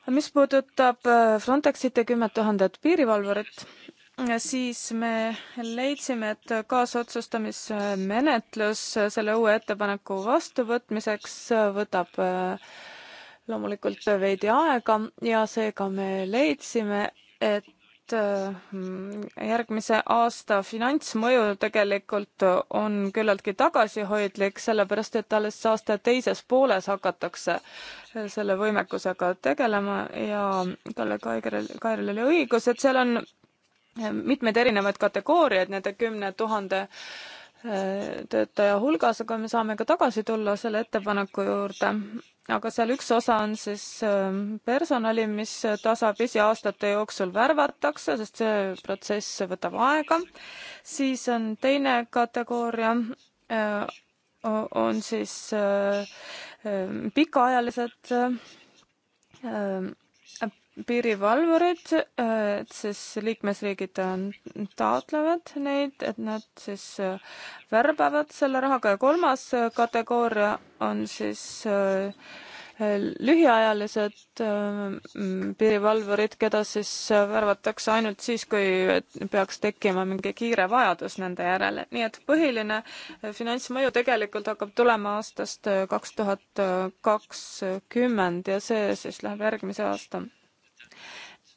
mis puudutab eh, Frontexit ja kümmet tuhandet piirivalvurit, siis me leidsime, et kaasotsustamismenetlus selle uue ettepaneku vastuvõtmiseks võtab loomulikult veidi aega ja seega me leidsime, et Mm, järgmise aasta finantsmõju tegelikult on küllaltki tagasihoidlik, sellepärast et alles aasta teises pooles hakatakse selle võimekusega tegelema ja Kalle Kairel, Kairel oli õigus, et seal on mitmeid erinevaid kategooriaid nende kümne tuhande töötaja hulgas, aga me saame ka tagasi tulla selle ettepaneku juurde. aga seal üks osa on siis ähm, personali, mis tasapisi aastate jooksul värvatakse, sest see protsess võtab aega. siis on teine kategooria, äh, on siis äh, äh, pikaajalised piirivalvurid, et äh, siis liikmesriigid taotlevad neid, et nad siis äh, värbavad selle rahaga ja kolmas äh, kategooria on siis lühiajalised piirivalvurid, keda siis värvatakse ainult siis, kui peaks tekkima mingi kiire vajadus nende järele. nii et põhiline finantsmõju tegelikult hakkab tulema aastast kaks tuhat kakskümmend ja see siis läheb järgmise aasta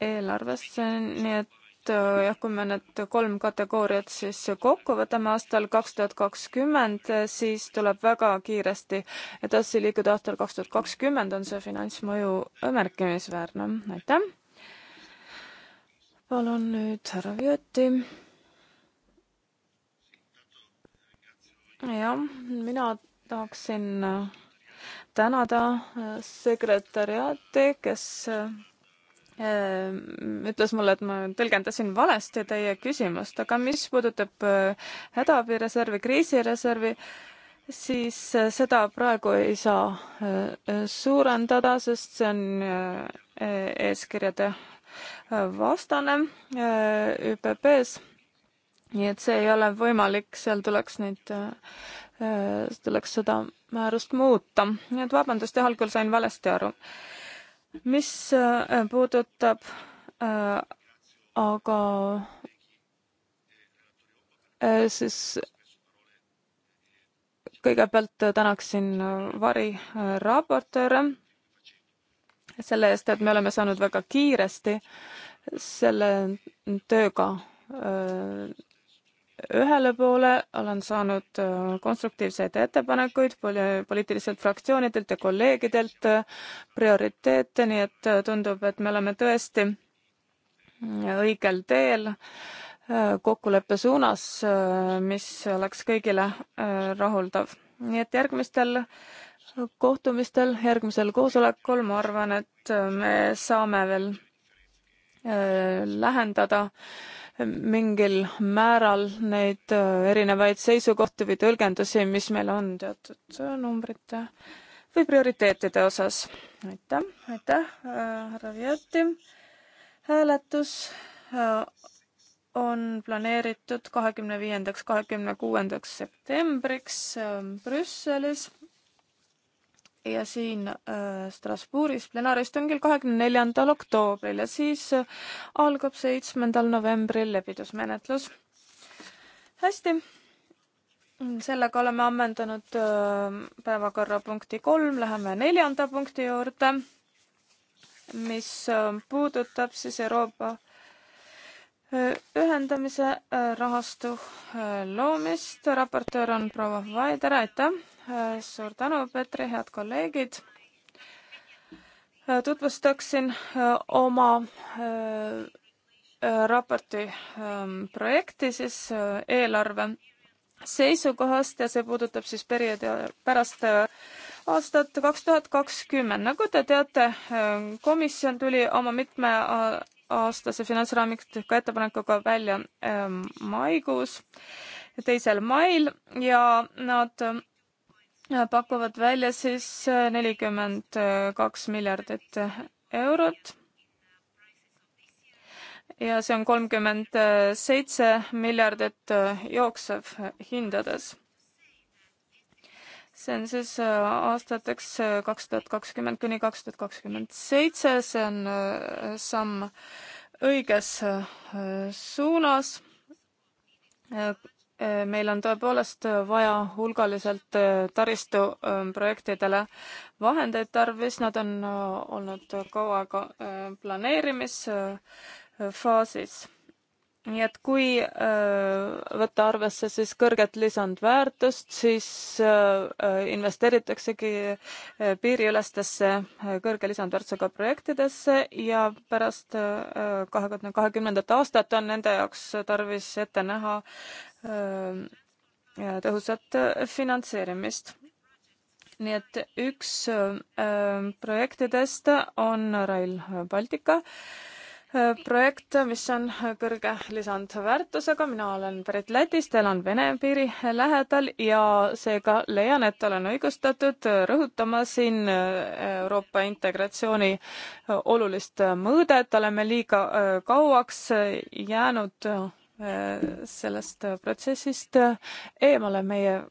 eelarvesse, nii et äh, jah, kui me need kolm kategooriat siis kokku võtame aastal kaks tuhat kakskümmend, siis tuleb väga kiiresti edasi liikuda. aastal kaks tuhat kakskümmend on see finantsmõju märkimisväärne. aitäh. palun nüüd härra Vjõti. jah, mina tahaksin äh, tänada äh, sekretäriaati, kes Ehm, ütles mulle, et ma tõlgendasin valesti teie küsimust, aga mis puudutab äh, hädaabireservi, kriisireservi, siis äh, seda praegu ei saa äh, suurendada, sest see on eeskirjade vastane ÜPP-s. nii et see ei ole võimalik, seal tuleks neid, tuleks seda määrust muuta. nii et vabandust, jah, algul sain valesti aru mis äh, puudutab äh, aga äh, siis kõigepealt tänaksin variraportööre selle eest, et me oleme saanud väga kiiresti selle tööga ühele poole, olen saanud äh, konstruktiivseid ettepanekuid poli-, poliitiliselt fraktsioonidelt ja kolleegidelt, äh, prioriteete, nii et äh, tundub, et me oleme tõesti õigel teel kokkuleppe suunas, mis oleks kõigile rahuldav. nii et järgmistel kohtumistel, järgmisel koosolekul ma arvan, et me saame veel lähendada äh, mingil määral neid äh, erinevaid seisukohti või tõlgendusi, mis meil on teatud äh, numbrite või prioriteetide osas. aitäh, aitäh, äh, härra Vietti. hääletus on planeeritud kahekümne viiendaks, kahekümne kuuendaks septembriks Brüsselis ja siin äh, Strasbourgis plenaaristungil kahekümne neljandal oktoobril ja siis äh, algab seitsmendal novembril lepitusmenetlus. hästi, sellega oleme ammendanud äh, päevakorrapunkti kolm, läheme neljanda punkti juurde, mis puudutab siis Euroopa ühendamise rahastu loomist. raportöör on proua Vaider, aitäh! Äh, suur tänu, Petri, head kolleegid. Äh, tutvustaksin äh, oma raporti ähm, projekti siis eelarve seisukohast ja see puudutab siis perioodi pärast aastat kaks tuhat kakskümmend. nagu te teate, komisjon tuli oma mitme aastase finantsraamikuga ettepanekuga välja ähm, maikuus, teisel mail ja nad pakuvad välja siis äh, nelikümmend kaks miljardit eurot. ja see on kolmkümmend seitse miljardit äh, jooksev hindades. see on siis äh, aastateks kaks tuhat kakskümmend kuni kaks tuhat kakskümmend seitse, see on samm õiges suunas Äh, meil on tõepoolest vaja hulgaliselt äh, taristuprojektidele äh, vahendeid tarvis, nad on olnud kaua aega planeerimisfaasis nii et kui äh, võtta arvesse siis kõrget lisandväärtust, siis äh, äh, investeeritaksegi piiriülestesse kõrge lisandväärtusega projektidesse ja pärast kahekümne kahekümnendat aastat on nende jaoks tarvis ette näha tõhusat finantseerimist. nii et üks projektidest on Rail Baltica projekt, mis on kõrge lisandväärtusega, mina olen pärit Lätist, elan Vene piiri lähedal ja seega leian, et olen õigustatud rõhutama siin äh, Euroopa integratsiooni äh, olulist mõõdet, oleme liiga äh, kauaks jäänud Äh, sellest äh, protsessist äh, eemale. meie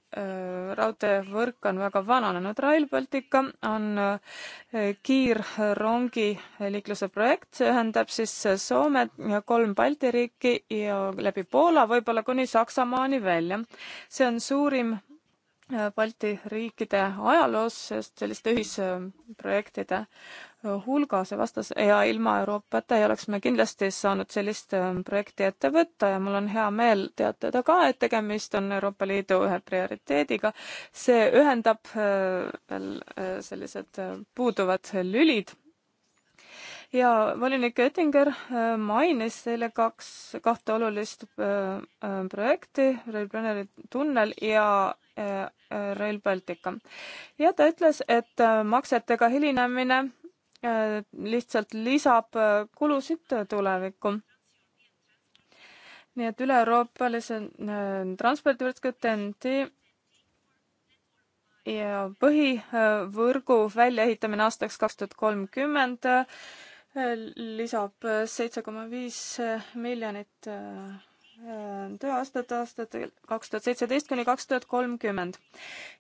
raudteevõrk on väga vananenud. Rail Baltica on kiirrongiliikluse projekt, see ühendab siis Soome ja kolm Balti riiki ja läbi Poola võib-olla kuni Saksamaani välja. see on suurim Balti riikide ajaloos, sest selliste ühisprojektide hulgas ja vastas ja ilma Euroopata ei oleks me kindlasti saanud sellist ähm, projekti ette võtta ja mul on hea meel teatada ka, et tegemist on Euroopa Liidu ühe prioriteediga. see ühendab äh, veel äh, sellised äh, puuduvad lülid ja volinik Oettinger mainis teile kaks, kahte olulist projekti, Rail Brenneri tunnel ja Äh, äh, Rail Baltic. ja ta ütles, et äh, maksetega hilinemine lihtsalt lisab kulusid tulevikku. nii et üle-euroopalise transpordivõrdsku TNT ja põhivõrgu väljaehitamine aastaks kaks tuhat kolmkümmend lisab seitse koma viis miljonit tööaastat aastatel kaks tuhat seitseteist kuni kaks tuhat kolmkümmend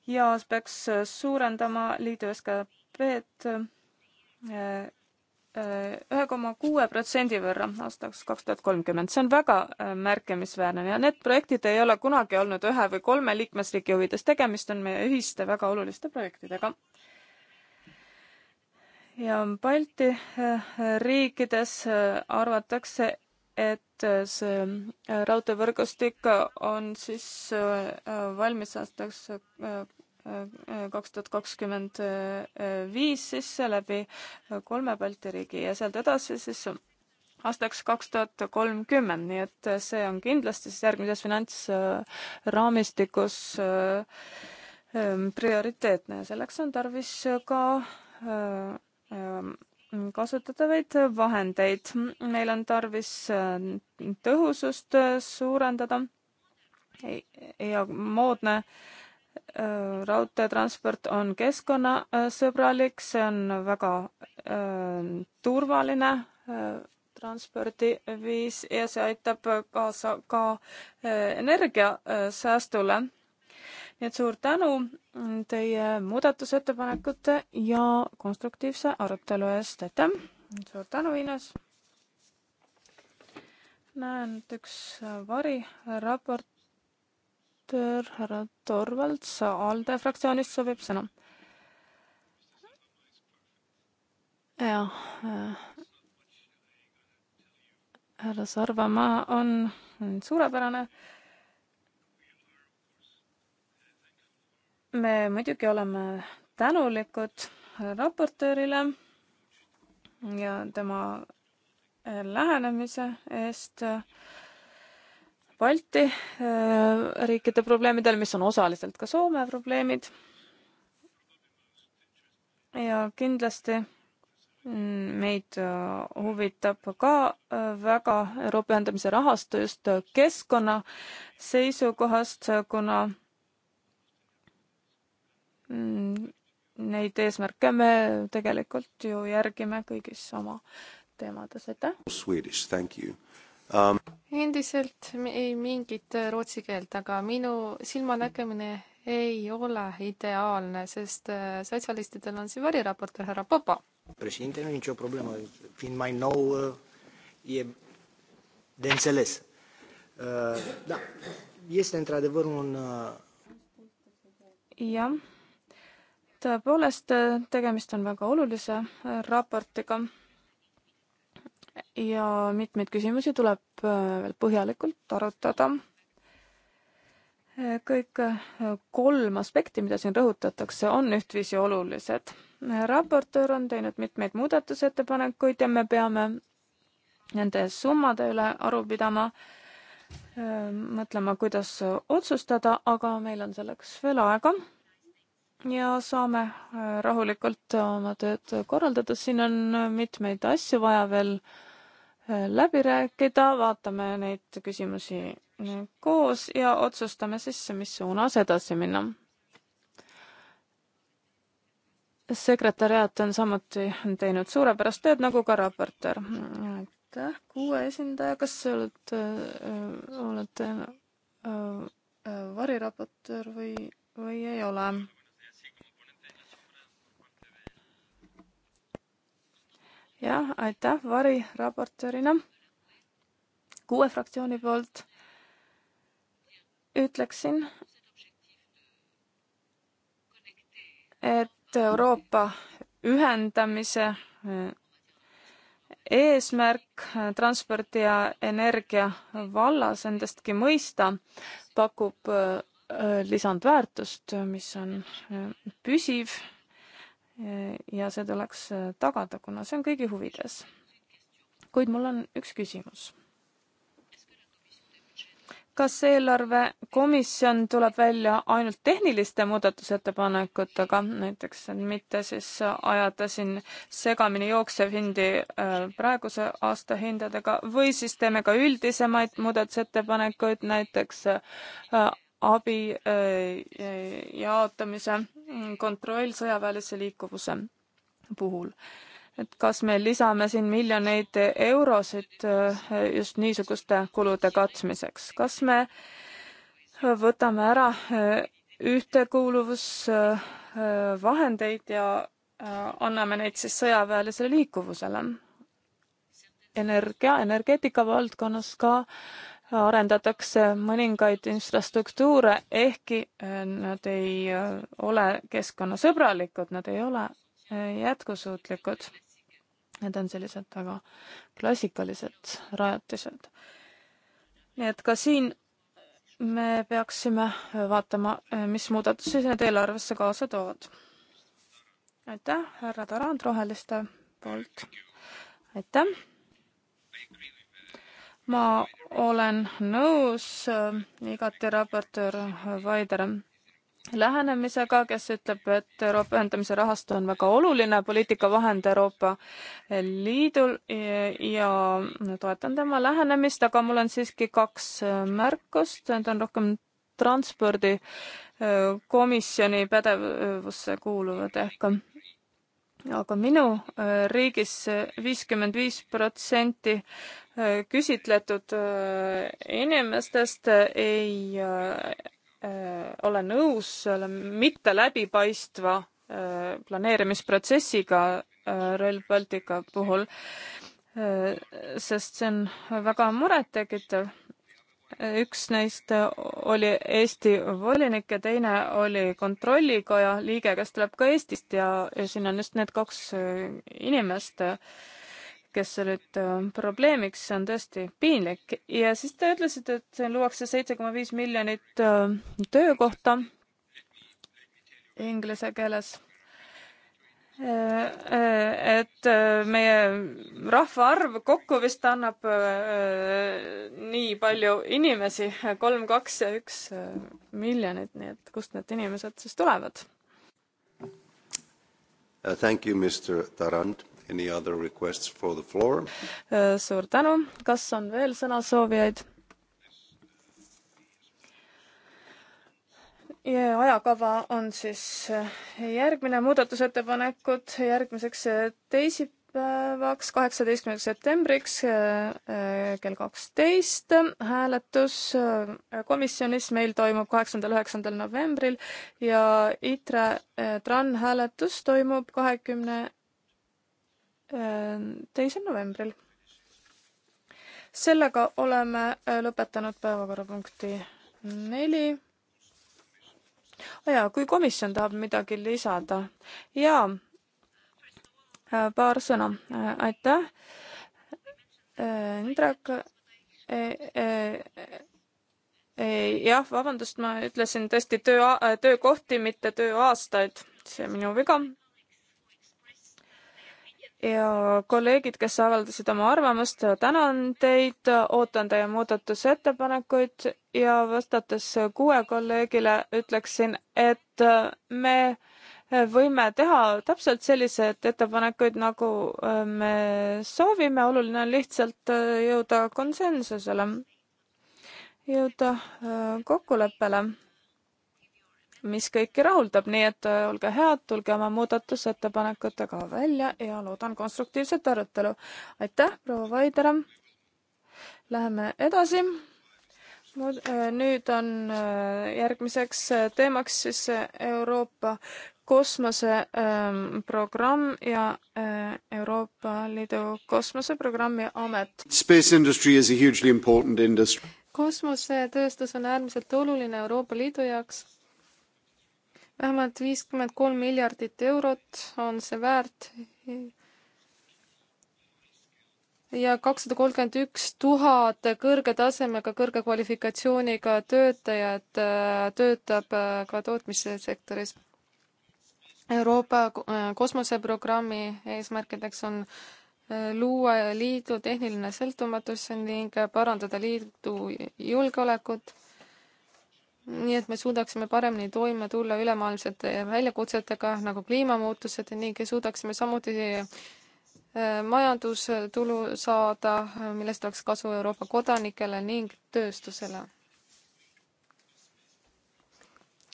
ja peaks suurendama liidu SKP-d äh, äh, ühe koma kuue protsendi võrra aastaks kaks tuhat kolmkümmend. see on väga äh, märkimisväärne ja need projektid ei ole kunagi olnud ühe või kolme liikmesriigi huvides, tegemist on meie ühiste väga oluliste projektidega. ja Balti riikides arvatakse, et et see äh, raudteevõrgustik on siis äh, valmis aastaks äh, kaks tuhat kakskümmend viis sisse läbi kolme Balti riigi ja sealt edasi siis aastaks kaks tuhat kolmkümmend, nii et see on kindlasti siis järgmises finantsraamistikus prioriteetne ja selleks on tarvis ka kasutatavaid vahendeid. meil on tarvis äh, tõhusust äh, suurendada ja moodne äh, raudteetransport on keskkonnasõbralik, see on väga turvaline transpordiviis ja see aitab kaasa ka energiasäästule nii et suur tänu teie muudatusettepanekute ja konstruktiivse arutelu eest, aitäh! suur tänu, Ines! näen, et üks variraportöör, härra Torvalds ALDE fraktsioonist soovib sõna. jah äh,, härra Sarvamaa on suurepärane äh, me muidugi oleme tänulikud raportöörile ja tema eh, lähenemise eest eh, Balti eh, riikide probleemidel, mis on osaliselt ka Soome probleemid. ja kindlasti mm, meid huvitab ka väga Euroopa ühendamise rahastu just keskkonna seisukohast, kuna Mm, neid eesmärke me tegelikult ju järgime kõigis oma teemades, aitäh! Swedish, thank you um...! endiselt ei mingit äh, rootsi keelt, aga minu silmanägemine ei ole ideaalne, sest äh, sotsialistidel on siin variraportor härra Popa. president, ei ole nicio probleema, fiind mai nou äh, e de înțeles. Da, este într-adevăr un jah tõepoolest, tegemist on väga olulise äh, raportiga ja mitmeid küsimusi tuleb äh, veel põhjalikult arutada. Äh, kõik kolm aspekti, mida siin rõhutatakse, on ühtviisi olulised. raportöör on teinud mitmeid muudatusettepanekuid ja me peame nende summade üle aru pidama, mõtlema, kuidas otsustada, aga meil on selleks veel aega ja saame äh, rahulikult oma tööd korraldada, siin on äh, mitmeid asju vaja veel äh, läbi rääkida, vaatame neid küsimusi koos ja otsustame siis, mis suunas edasi minna. sekretäriaat on samuti teinud suurepärast tööd, nagu ka raportöör. aitäh, kuue esindaja, kas sa oled, oled variraportöör või, või ei ole? jah, aitäh variraportöörina kuue fraktsiooni poolt ütleksin, et Euroopa ühendamise eh, eesmärk eh, transpordi ja energia vallas endastki mõista pakub eh, lisandväärtust, mis on püsiv ja see tuleks äh, tagada, kuna see on kõigi huvides. kuid mul on üks küsimus. kas eelarvekomisjon tuleb välja ainult tehniliste muudatusettepanekutega, näiteks mitte siis ajada siin segamini jooksev hindi äh, praeguse aasta hindadega või siis teeme ka üldisemaid muudatusettepanekuid, näiteks äh, abi jaotamise kontroll sõjaväelise liikuvuse puhul. et kas me lisame siin miljoneid eurosid just niisuguste kulude katsmiseks, kas me võtame ära ühtekuuluvusvahendeid ja anname neid siis sõjaväelisele liikuvusele. energia, energeetika valdkonnas ka äh, arendatakse mõningaid infrastruktuure, ehkki äh, nad ei äh, ole keskkonnasõbralikud, nad ei ole äh, jätkusuutlikud. Need on sellised väga klassikalised rajatised. nii et ka siin me peaksime vaatama, mis muudatusi need eelarvesse kaasa toovad. aitäh, härra Tarand Roheliste poolt. aitäh ma olen nõus äh, igati raportöör Vaider lähenemisega, kes ütleb, et Euroopa ühendamise rahastu on väga oluline poliitikavahend Euroopa Liidul ja toetan tema lähenemist, aga mul on siiski kaks äh, märkust, need on rohkem transpordikomisjoni pädevusse kuuluvad ehk aga minu äh, riigis äh, viiskümmend viis protsenti äh, küsitletud inimestest ei ole nõus selle mitte läbipaistva planeerimisprotsessiga Rail Baltica puhul, sest see on väga murettekitav üks neist oli Eesti volinik ja teine oli kontrollikoja liige, kes tuleb ka Eestist ja, ja siin on just need kaks äh, inimest, kes olid äh, probleemiks, see on tõesti piinlik. ja siis te ütlesite, et siin luuakse seitse koma viis miljonit äh, töökohta inglise keeles Äh, äh, et äh, meie rahvaarv kokku vist annab nii palju inimesi, kolm, kaks ja üks miljonit, nii et kust need inimesed siis tulevad? Uh, thank you, Mr Tarand. Any other requests for the floor? suur tänu, kas on veel sõnasoovijaid? ja ajakava on siis äh, järgmine muudatusettepanekud järgmiseks äh, teisipäevaks, kaheksateistkümnendaks septembriks äh, kell kaksteist. hääletus komisjonis meil toimub kaheksandal, üheksandal novembril ja ITRE TRAN hääletus toimub kahekümne teisel novembril. sellega oleme lõpetanud päevakorrapunkti neli ja kui komisjon tahab midagi lisada ja äh, paar sõna, äh, aitäh. Äh, Indrek. E, e, e, jah, vabandust, ma ütlesin tõesti töö, töökohti, mitte tööaastaid, see on minu viga ja kolleegid, kes avaldasid oma arvamust, tänan teid, ootan teie muudatusettepanekuid ja vastates kuue kolleegile ütleksin, et me võime teha täpselt selliseid ettepanekuid, nagu me soovime, oluline on lihtsalt jõuda konsensusele, jõuda kokkuleppele mis kõiki rahuldab, nii et äh, olge head, tulge oma muudatusettepanekutega välja ja loodan konstruktiivset arutelu. aitäh, proua Vaidere. Läheme edasi. Äh, nüüd on äh, järgmiseks teemaks siis Euroopa ähm, kosmoseprogramm ja Euroopa Liidu kosmoseprogrammi amet. Space industry is a hugely important industry. kosmosetööstus on äärmiselt oluline Euroopa Liidu jaoks vähemalt viiskümmend kolm miljardit eurot on see väärt. ja kakssada kolmkümmend üks tuhat kõrge tasemega, kõrge kvalifikatsiooniga töötajat äh, töötab äh, ka tootmissektoris. Euroopa äh, kosmoseprogrammi eesmärkideks on luua liidu tehniline sõltumatus ning parandada liidu julgeolekut nii et me suudaksime paremini toime tulla ülemaailmsete väljakutsetega nagu kliimamuutused ning suudaksime samuti äh, majandustulu saada, millest oleks kasu Euroopa kodanikele ning tööstusele.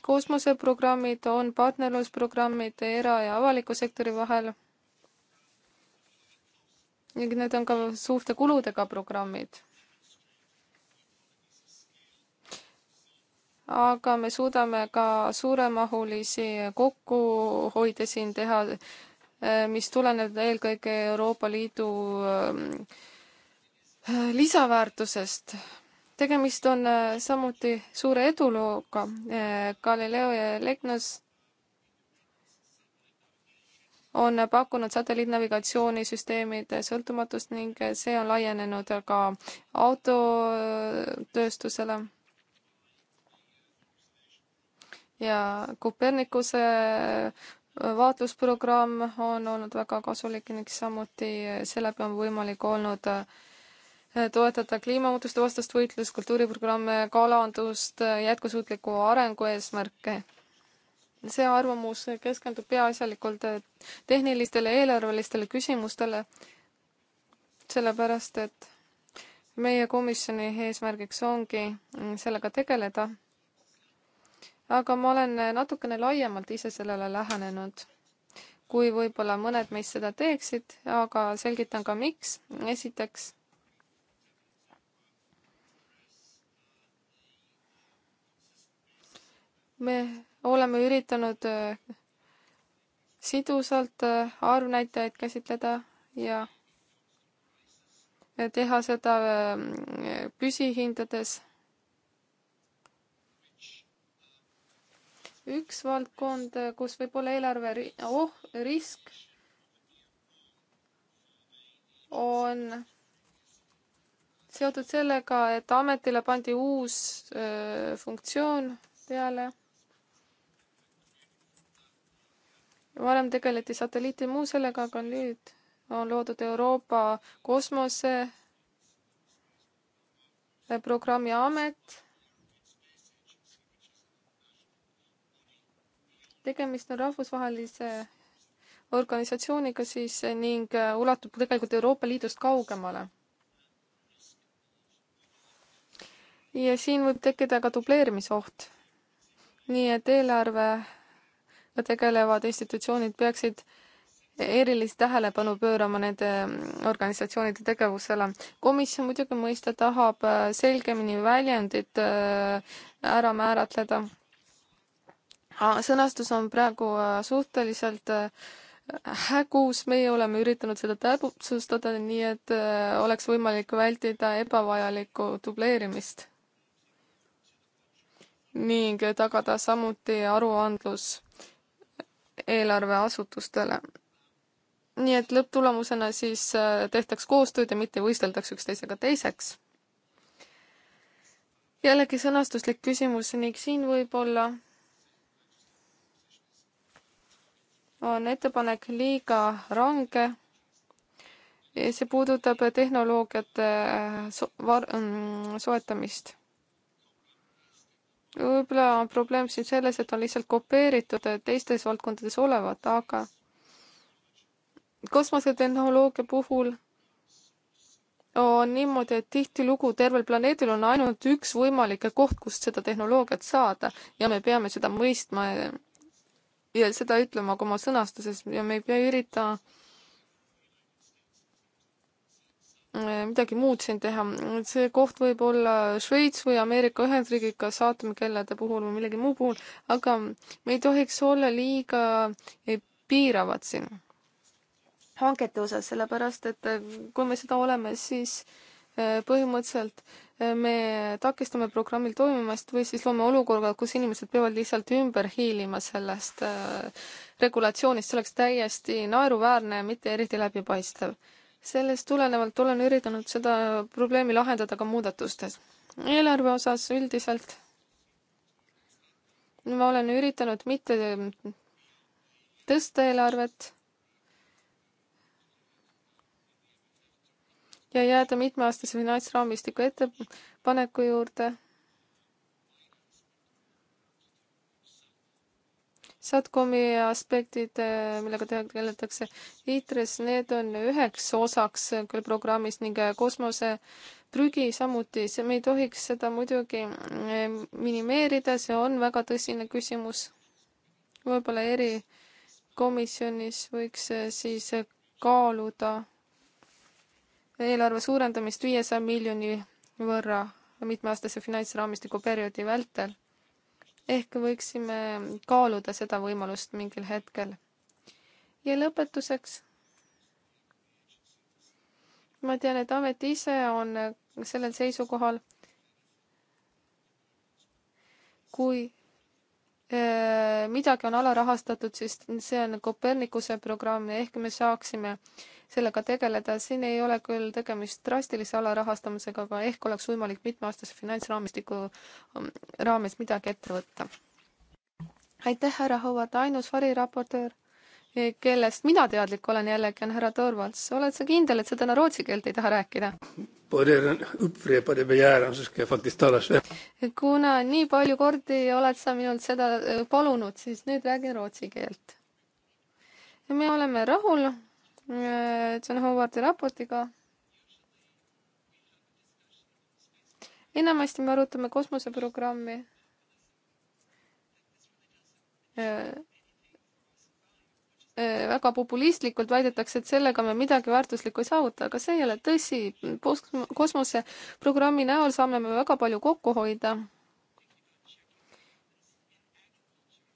kosmoseprogrammid on partnerlusprogrammid era- ja avaliku sektori vahel ning need on ka suhte kuludega programmid aga me suudame ka suuremahulisi kokkuhoide siin teha, eh, mis tuleneb eelkõige Euroopa Liidu eh, lisaväärtusest. tegemist on eh, samuti suure edulooga Galileo ja Legnos on pakkunud satelliitnavigatsioonisüsteemide sõltumatust ning see on laienenud ka autotööstusele ja Kopernikuse äh, vaatlusprogramm on olnud väga kasulik ning samuti äh, seeläbi on võimalik olnud äh, toetada kliimamuutuste vastast võitlust, kultuuriprogramme, kalandust, jätkusuutliku arengu eesmärke. see arvamus keskendub peaasjalikult tehnilistele eelarvelistele küsimustele, sellepärast et meie komisjoni eesmärgiks ongi sellega tegeleda aga ma olen eh, natukene laiemalt ise sellele lähenenud, kui võib-olla mõned meist seda teeksid, aga selgitan ka, miks. esiteks, me oleme üritanud eh, sidusalt eh, arvnäitajaid käsitleda ja teha seda püsihindades üks valdkond, kus võib olla eelarve oh, risk, on seotud sellega, et ametile pandi uus öö, funktsioon peale. varem tegeleti satelliiti ja muu sellega, aga nüüd on loodud Euroopa kosmoseprogrammi amet tegemist on rahvusvahelise organisatsiooniga siis ning äh, ulatub tegelikult Euroopa Liidust kaugemale. ja siin võib tekkida ka dubleerimisoht. nii et eelarvega tegelevad institutsioonid peaksid erilist tähelepanu pöörama nende mm, organisatsioonide tegevusele. komisjon muidugi mõista tahab äh, selgemini väljundit äh, ära määratleda Ah, sõnastus on praegu äh, suhteliselt äh, hägus, meie oleme üritanud seda täpsustada, nii et äh, oleks võimalik vältida ebavajalikku dubleerimist. ning tagada samuti aruandlus eelarveasutustele. nii et lõpptulemusena siis tehtaks koostööd ja mitte võisteldaks üksteisega teiseks. jällegi sõnastuslik küsimus ning siin võib-olla on ettepanek liiga range. see puudutab tehnoloogiate äh, so mm, soetamist. võib-olla on probleem siin selles, et on lihtsalt kopeeritud äh, teistes valdkondades olevat, aga kosmosetehnoloogia puhul on niimoodi, et tihtilugu tervel planeedil on ainult üks võimalik koht, kust seda tehnoloogiat saada ja me peame seda mõistma äh, ja seda ütlema ka oma sõnastuses ja me ei pea ürita äh, midagi muud siin teha. see koht võib olla Šveits või Ameerika Ühendriigid, ka saatemkellade puhul või millegi muu puhul, aga me ei tohiks olla liiga eh, piiravad siin hangete osas, sellepärast et eh, kui me seda oleme, siis eh, põhimõtteliselt me takistame programmil toimimast või siis loome olukorra, kus inimesed peavad lihtsalt ümber hiilima sellest äh, regulatsioonist, see oleks täiesti naeruväärne ja mitte eriti läbipaistev. sellest tulenevalt olen üritanud seda probleemi lahendada ka muudatustes. eelarve osas üldiselt ma olen üritanud mitte tõsta eelarvet ja jääda mitmeaastase finantsraamistiku ettepaneku juurde. Satkomi aspektid, millega tegeletakse ITRES, need on üheks osaks küll programmist ning kosmose prügi samuti, see, me ei tohiks seda muidugi eh, minimeerida, see on väga tõsine küsimus. võib-olla erikomisjonis võiks eh, siis kaaluda eelarve suurendamist viiesaja miljoni võrra mitmeaastase finantsraamistiku perioodi vältel. ehk võiksime kaaluda seda võimalust mingil hetkel. ja lõpetuseks. ma tean, et amet ise on sellel seisukohal, kui äh, midagi on alarahastatud, siis see on Kopernikuse programm ehk me saaksime äh, sellega tegeleda, siin ei ole küll tegemist drastilise alarahastamisega, aga ehk oleks võimalik mitmeaastase finantsraamistiku mm, raames midagi ette võtta. aitäh, härra Howard, ainus variraportöör, eh, kellest mina teadlik olen jällegi, on härra Torvalds. oled sa kindel, et sa täna rootsi keelt ei taha rääkida? kuna nii palju kordi oled sa minult seda eh, palunud, siis nüüd räägin rootsi keelt. me oleme rahul Äh, John Howardi raportiga. enamasti me arutame kosmoseprogrammi. Äh, äh, väga populistlikult väidetakse, et sellega me midagi väärtuslikku ei saavuta, aga see ei ole tõsi. kosmoseprogrammi näol saame me väga palju kokku hoida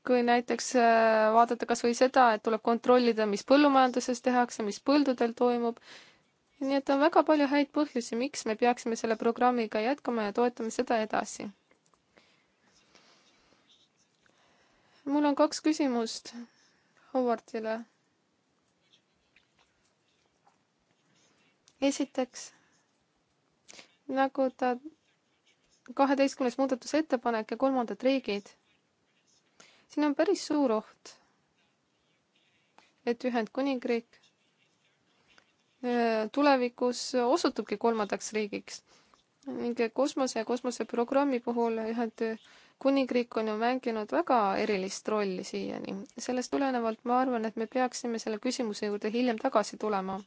kui näiteks äh, vaadata kas või seda, et tuleb kontrollida, mis põllumajanduses tehakse, mis põldudel toimub, nii et on väga palju häid põhjusi, miks me peaksime selle programmiga jätkama ja toetame seda edasi. mul on kaks küsimust Howardile. esiteks, nagu ta kaheteistkümnes muudatusettepanek ja kolmandad riigid siin on päris suur oht, et Ühendkuningriik äh, tulevikus osutubki kolmandaks riigiks ning kosmose ja kosmoseprogrammi puhul Ühendkuningriik on ju mänginud väga erilist rolli siiani. sellest tulenevalt ma arvan, et me peaksime selle küsimuse juurde hiljem tagasi tulema.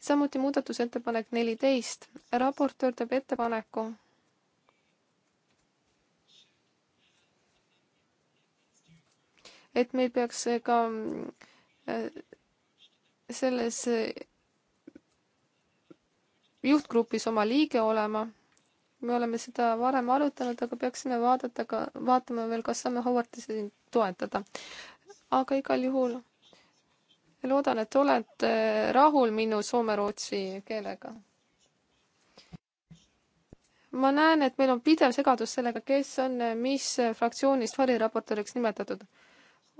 samuti muudatusettepanek neliteist, raportöör teeb ettepaneku et meil peaks ka äh, selles äh, juhtgrupis oma liige olema. me oleme seda varem arutanud, aga peaksime vaadata ka, vaatama veel, kas saame Howardi siin toetada. aga igal juhul loodan, et olete rahul minu soome-rootsi keelega. ma näen, et meil on pidev segadus sellega, kes on mis fraktsioonist variraportööriks nimetatud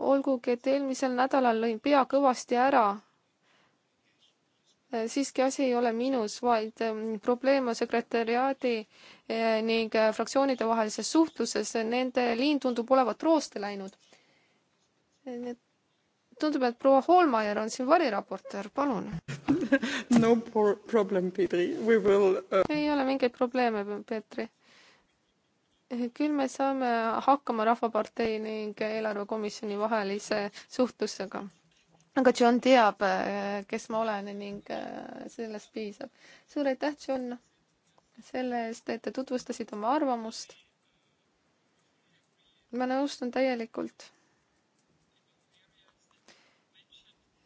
olgugi, et eelmisel nädalal lõin pea kõvasti ära. Äh, siiski asi ei ole minus, vaid ähm, probleem on sekretäriaadi äh, ning äh, fraktsioonide vahelises suhtluses. Nende liin tundub olevat rooste läinud. tundub, et proua Hoolmaier on siin variraportöör, palun. no problem, Petri, we will uh.... ei ole mingeid probleeme, Petri küll me saame hakkama Rahvapartei ning eelarvekomisjoni vahelise suhtlusega. aga John teab, eh, kes ma olen ning eh, sellest piisab. suur aitäh, John, selle eest, et te tutvustasite oma arvamust. ma nõustun täielikult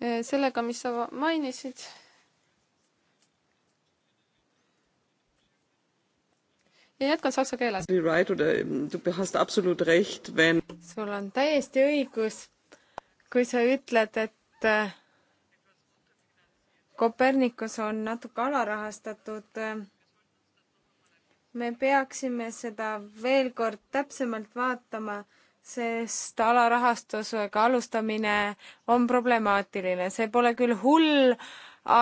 eh, sellega, mis sa mainisid ja jätkan saksa keeles. sul on täiesti õigus, kui sa ütled, et äh, Kopernikus on natuke alarahastatud. Äh, me peaksime seda veel kord täpsemalt vaatama, sest alarahastusega alustamine on problemaatiline, see pole küll hull,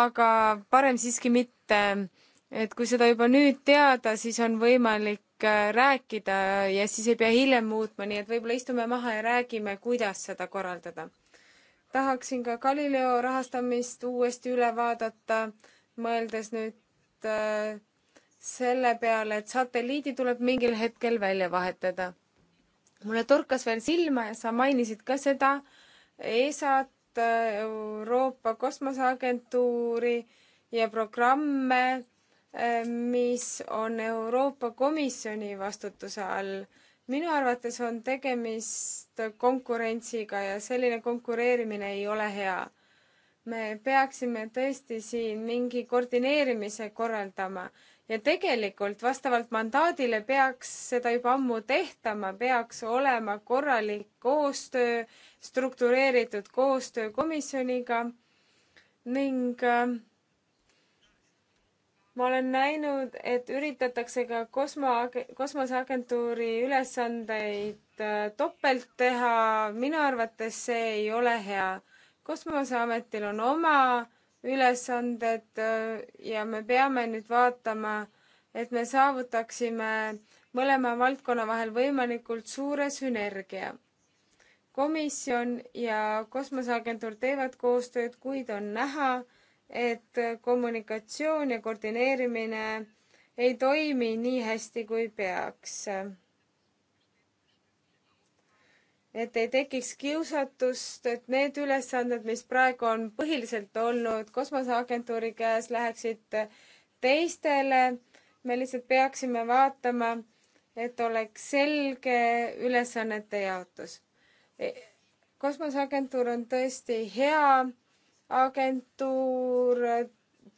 aga parem siiski mitte et kui seda juba nüüd teada, siis on võimalik äh, rääkida ja siis ei pea hiljem muutma, nii et võib-olla istume maha ja räägime, kuidas seda korraldada. tahaksin ka Galileo rahastamist uuesti üle vaadata, mõeldes nüüd äh, selle peale, et satelliidi tuleb mingil hetkel välja vahetada. mulle torkas veel silma ja sa mainisid ka seda ESA-t, äh, Euroopa Kosmoseagentuuri ja programme mis on Euroopa Komisjoni vastutuse all. minu arvates on tegemist konkurentsiga ja selline konkureerimine ei ole hea. me peaksime tõesti siin mingi koordineerimise korraldama ja tegelikult vastavalt mandaadile peaks seda juba ammu tehtama, peaks olema korralik koostöö, struktureeritud koostöö komisjoniga ning äh, ma olen näinud, et üritatakse ka kosmo, kosmoseagentuuri ülesandeid äh, topelt teha, minu arvates see ei ole hea. kosmoseametil on oma ülesanded äh, ja me peame nüüd vaatama, et me saavutaksime mõlema valdkonna vahel võimalikult suure sünergia. komisjon ja kosmoseagentuur teevad koostööd, kuid on näha, et kommunikatsioon ja koordineerimine ei toimi nii hästi, kui peaks. et ei tekiks kiusatust, et need ülesanded, mis praegu on põhiliselt olnud Kosmoseagentuuri käes, läheksid teistele. me lihtsalt peaksime vaatama, et oleks selge ülesannete jaotus. kosmoseagentuur on tõesti hea agentuur,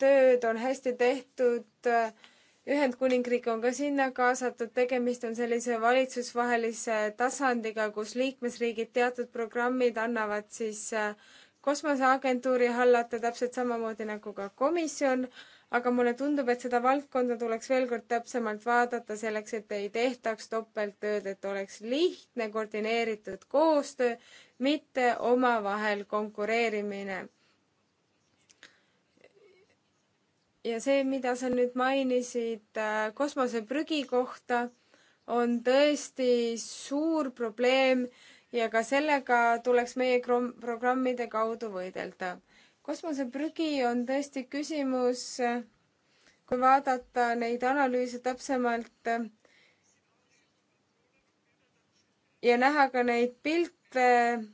tööd on hästi tehtud. Ühendkuningriik on ka sinna kaasatud, tegemist on sellise valitsusvahelise tasandiga, kus liikmesriigid teatud programmid annavad siis äh, kosmoseagentuuri hallata täpselt samamoodi nagu ka komisjon, aga mulle tundub, et seda valdkonda tuleks veel kord täpsemalt vaadata selleks, et ei tehtaks topelttööd, et oleks lihtne koordineeritud koostöö, mitte omavahel konkureerimine ja see, mida sa nüüd mainisid äh, kosmoseprügi kohta, on tõesti suur probleem ja ka sellega tuleks meie programmide kaudu võidelda. kosmoseprügi on tõesti küsimus, äh, kui vaadata neid analüüse täpsemalt äh, ja näha ka neid pilte,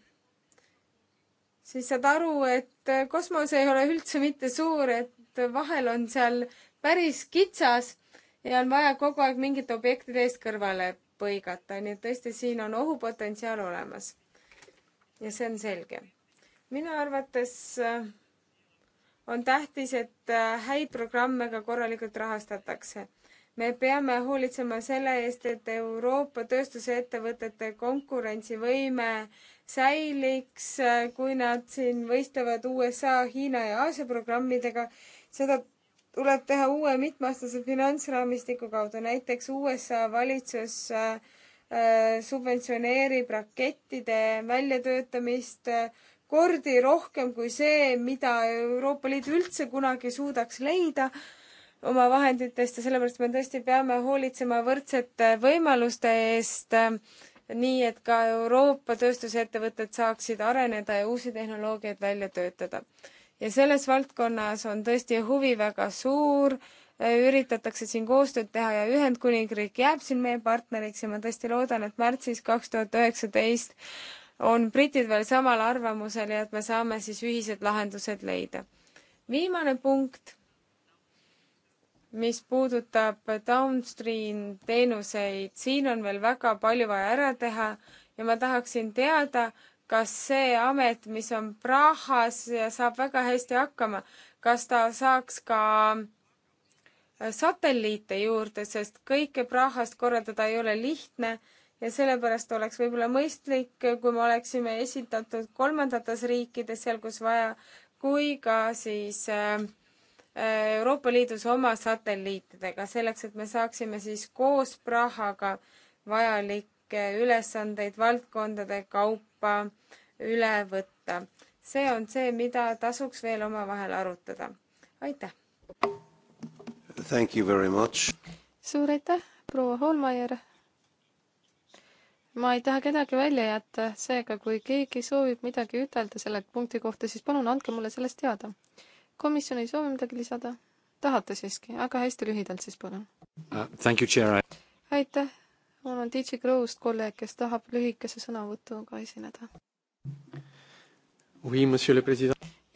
siis saad aru, et kosmos ei ole üldse mitte suur, et et vahel on seal päris kitsas ja on vaja kogu aeg mingite objektide eest kõrvale põigata, nii et tõesti siin on ohupotentsiaal olemas. ja see on selge. minu arvates äh, on tähtis, et äh, häid programme ka korralikult rahastatakse. me peame hoolitsema selle eest, et Euroopa tööstusettevõtete konkurentsivõime säiliks, äh, kui nad siin võistlevad USA, Hiina ja Aasia programmidega seda tuleb teha uue mitmeaastase finantsraamistiku kaudu, näiteks USA valitsus äh, äh, subventsioneerib rakettide väljatöötamist äh, kordi rohkem kui see, mida Euroopa Liit üldse kunagi suudaks leida oma vahenditest ja sellepärast me tõesti peame hoolitsema võrdsete võimaluste eest, nii et ka Euroopa tööstusettevõtted saaksid areneda ja uusi tehnoloogiaid välja töötada ja selles valdkonnas on tõesti huvi väga suur, äh, üritatakse siin koostööd teha ja Ühendkuningriik jääb siin meie partneriks ja ma tõesti loodan, et märtsis kaks tuhat üheksateist on britid veel samal arvamusel ja et me saame siis ühised lahendused leida. viimane punkt, mis puudutab downstream teenuseid, siin on veel väga palju vaja ära teha ja ma tahaksin teada, kas see amet, mis on Prahas ja saab väga hästi hakkama, kas ta saaks ka äh, satelliite juurde, sest kõike Prahast korraldada ei ole lihtne ja sellepärast oleks võib-olla mõistlik, kui me oleksime esindatud kolmandates riikides, seal kus vaja, kui ka siis äh, äh, Euroopa Liidus oma satelliitidega, selleks et me saaksime siis koos Prahaga vajalikke ülesandeid valdkondade kaupa Euroopa üle võtta. see on see, mida tasuks veel omavahel arutada. aitäh! suur aitäh, proua Holmaier! ma ei taha kedagi välja jätta, seega kui keegi soovib midagi ütelda selle punkti kohta, siis palun andke mulle sellest teada. komisjon ei soovi midagi lisada? tahate siiski, aga hästi lühidalt siis palun uh,. aitäh mul on DJ Crow'st kolleeg, kes tahab lühikese sõnavõtuga esineda.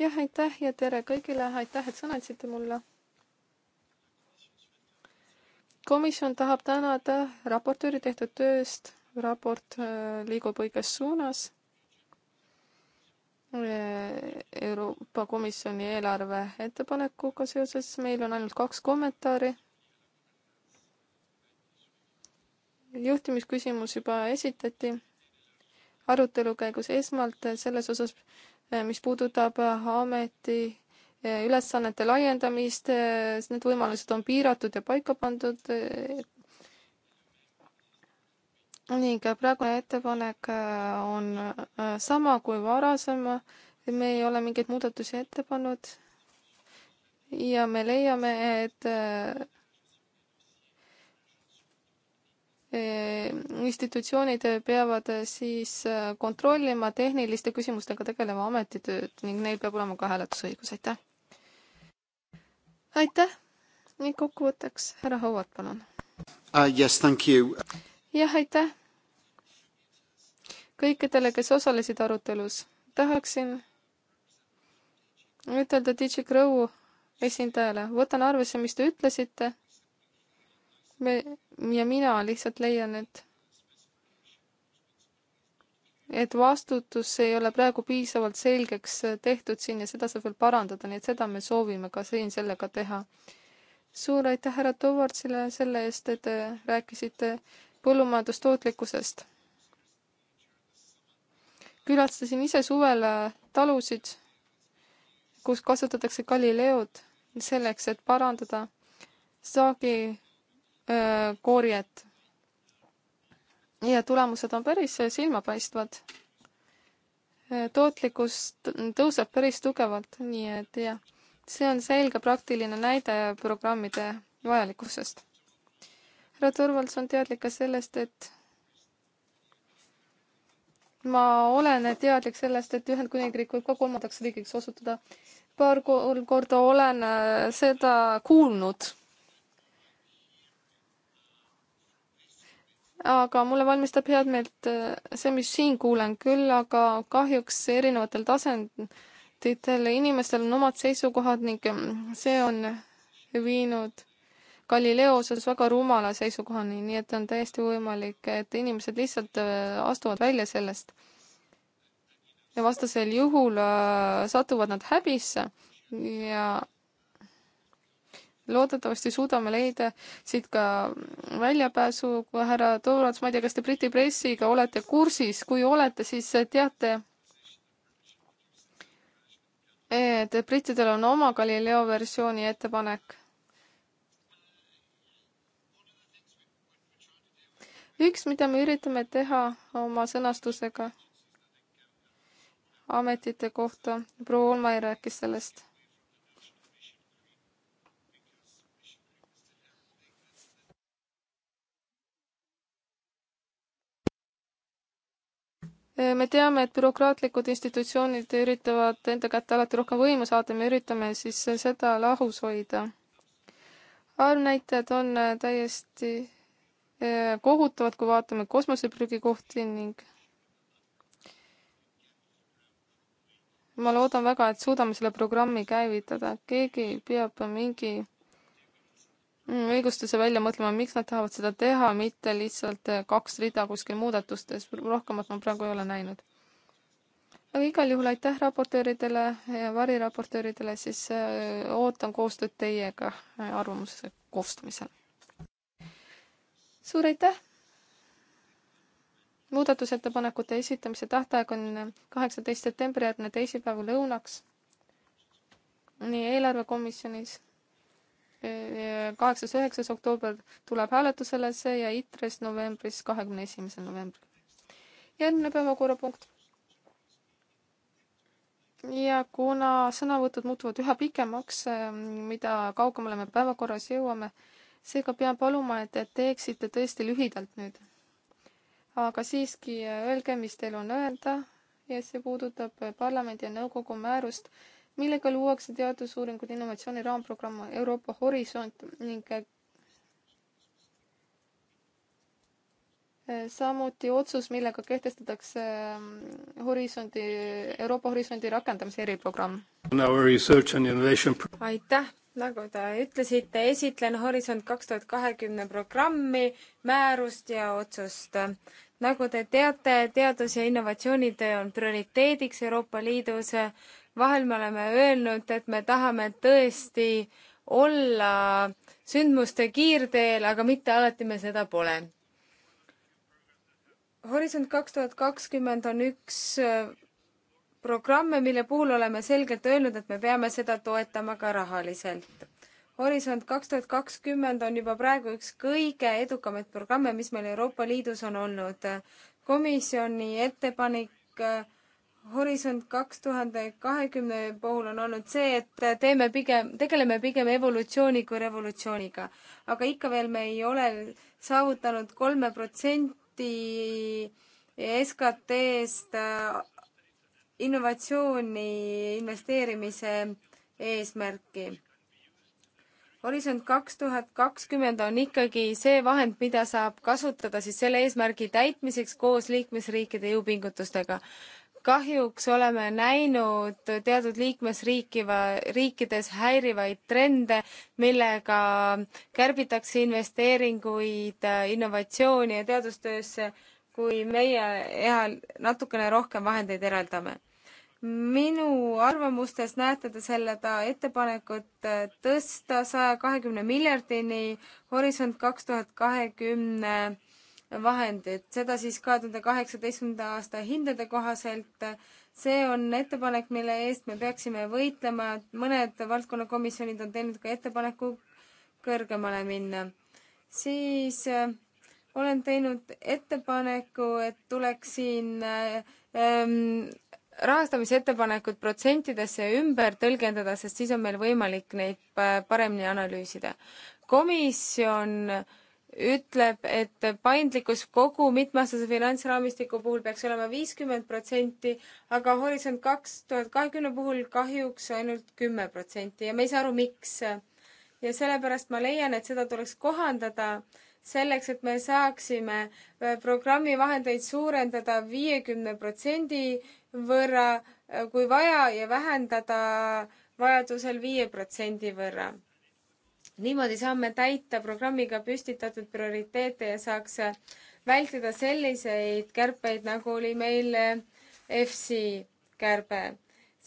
jah, aitäh ja tere kõigile, aitäh, et sõna andsite mulle. komisjon tahab tänada raportööri tehtud tööst, raport äh, liigub õiges suunas äh, Euroopa Komisjoni eelarve ettepanekuga seoses meil on ainult kaks kommentaari. juhtimisküsimus juba esitati arutelu käigus esmalt selles osas, mis puudutab ameti eh, ülesannete laiendamist, eh, need võimalused on piiratud ja paika pandud. Eh, ning praegune ettepanek on sama kui varasem. me ei ole mingeid muudatusi ette pannud. ja me leiame, et Äh, institutsioonid peavad äh, siis äh, kontrollima tehniliste küsimustega tegeleva ametitööd ning neil peab olema ka hääletusõigus, aitäh. aitäh ning kokkuvõtteks härra Howard, palun uh,. Yes, thank you. jah, aitäh kõikidele, kes osalesid arutelus. tahaksin ütelda DJ Crow esindajale, võtan arvesse, mis te ütlesite me ja mina lihtsalt leian, et et vastutus ei ole praegu piisavalt selgeks tehtud siin ja seda saab veel parandada, nii et seda me soovime ka siin sellega teha. suur aitäh härra Tovartsile selle eest, et te rääkisite põllumajandustootlikkusest. külastasin ise suvel talusid, kus kasutatakse Galileod selleks, et parandada saagi korjet. ja tulemused on päris äh, silmapaistvad. tootlikkus tõuseb päris tugevalt, nii et jah, see on selge praktiline näide programmide vajalikkusest. härra Torvalds on teadlik ka sellest, et ma olen teadlik sellest, et Ühendkuningriik võib ka kolmandaks riigiks osutuda. paar korda olen äh, seda kuulnud aga mulle valmistab head meelt äh, see, mis siin kuulen küll, aga kahjuks erinevatel tasanditel inimestel on omad seisukohad ning ähm, see on viinud Galileo osas väga rumala seisukohani, nii et on täiesti võimalik, et inimesed lihtsalt äh, astuvad välja sellest. ja vastasel juhul äh, satuvad nad häbisse ja loodetavasti suudame leida siit ka väljapääsu, härra Toorats, ma ei tea, kas te Briti pressiga olete kursis, kui olete, siis teate, et brittidel on oma Galileo versiooni ettepanek. üks, mida me üritame teha oma sõnastusega ametite kohta, proua Olmai rääkis sellest me teame, et bürokraatlikud institutsioonid üritavad enda kätte alati rohkem võimu saada, me üritame siis seda lahus hoida. arvnäitajad on äh, täiesti äh, kohutavad, kui vaatame kosmoseprügi kohti ning ma loodan väga, et suudame selle programmi käivitada, keegi peab mingi Mm, õigustuse välja mõtlema, miks nad tahavad seda teha, mitte lihtsalt eh, kaks rida kuskil muudatustes, rohkemat ma praegu ei ole näinud. aga igal juhul aitäh raportööridele ja variraportööridele, siis eh, ootan koostööd teiega eh, arvamuse koostamisel. suur aitäh! muudatusettepanekute esitamise tähtaeg on kaheksateist septembri järgne teisipäev lõunaks nii eelarvekomisjonis kaheksas, üheksas oktoober tuleb hääletusele see ja ITRES novembris, kahekümne esimesel novembril. järgmine päevakorrapunkt. ja kuna sõnavõtud muutuvad üha pikemaks, ähm, mida kaugemale me päevakorras jõuame, seega pean paluma, et, et teeksite tõesti lühidalt nüüd. aga siiski äh, öelge, mis teil on öelda ja see puudutab äh, parlamendi ja nõukogu määrust millega luuakse teadusuuringud innovatsiooni raamprogramm Euroopa Horisont ning eh, samuti otsus, millega kehtestatakse mm, Horisondi, Euroopa Horisondi rakendamise eriprogramm. aitäh, nagu te ütlesite, esitlen Horisont kaks tuhat kahekümne programmi, määrust ja otsust. nagu te teate, teadus- ja innovatsioonitöö on prioriteediks Euroopa Liidus vahel me oleme öelnud, et me tahame tõesti olla sündmuste kiirteel, aga mitte alati me seda pole. Horisont kaks tuhat kakskümmend on üks äh, programme, mille puhul oleme selgelt öelnud, et me peame seda toetama ka rahaliselt. Horisont kaks tuhat kakskümmend on juba praegu üks kõige edukamaid programme, mis meil Euroopa Liidus on olnud. komisjoni ettepanek äh, Horisont kaks tuhande kahekümne puhul on olnud see, et teeme pigem, tegeleme pigem evolutsiooni kui revolutsiooniga. aga ikka veel me ei ole saavutanud kolme protsenti SKT-st äh, innovatsiooni investeerimise eesmärki. Horisont kaks tuhat kakskümmend on ikkagi see vahend, mida saab kasutada siis selle eesmärgi täitmiseks koos liikmesriikide jõupingutustega kahjuks oleme näinud teatud liikmesriikiva, riikides häirivaid trende, millega kärbitakse investeeringuid innovatsiooni ja teadustöösse, kui meie eal natukene rohkem vahendeid eraldame. minu arvamustes näete te selle ettepanekut tõsta saja kahekümne miljardini horisont kaks tuhat kahekümne vahendid, seda siis kahe tuhande kaheksateistkümnenda aasta hindade kohaselt. see on ettepanek, mille eest me peaksime võitlema, mõned valdkonnakomisjonid on teinud ka ettepaneku kõrgemale minna. siis äh, olen teinud ettepaneku, et tuleks siin äh, ähm, rahastamisettepanekud protsentidesse ümber tõlgendada, sest siis on meil võimalik neid äh, paremini analüüsida. komisjon äh, ütleb, et paindlikkus kogu mitmeaastase finantsraamistiku puhul peaks olema viiskümmend protsenti, aga Horisont kaks tuhat kahekümne puhul kahjuks ainult kümme protsenti ja me ei saa aru, miks. ja sellepärast ma leian, et seda tuleks kohandada selleks, et me saaksime äh, programmi vahendeid suurendada viiekümne protsendi võrra, äh, kui vaja, ja vähendada vajadusel viie protsendi võrra niimoodi saame täita programmiga püstitatud prioriteete ja saaks vältida selliseid kärpeid, nagu oli meil EFSI kärbe.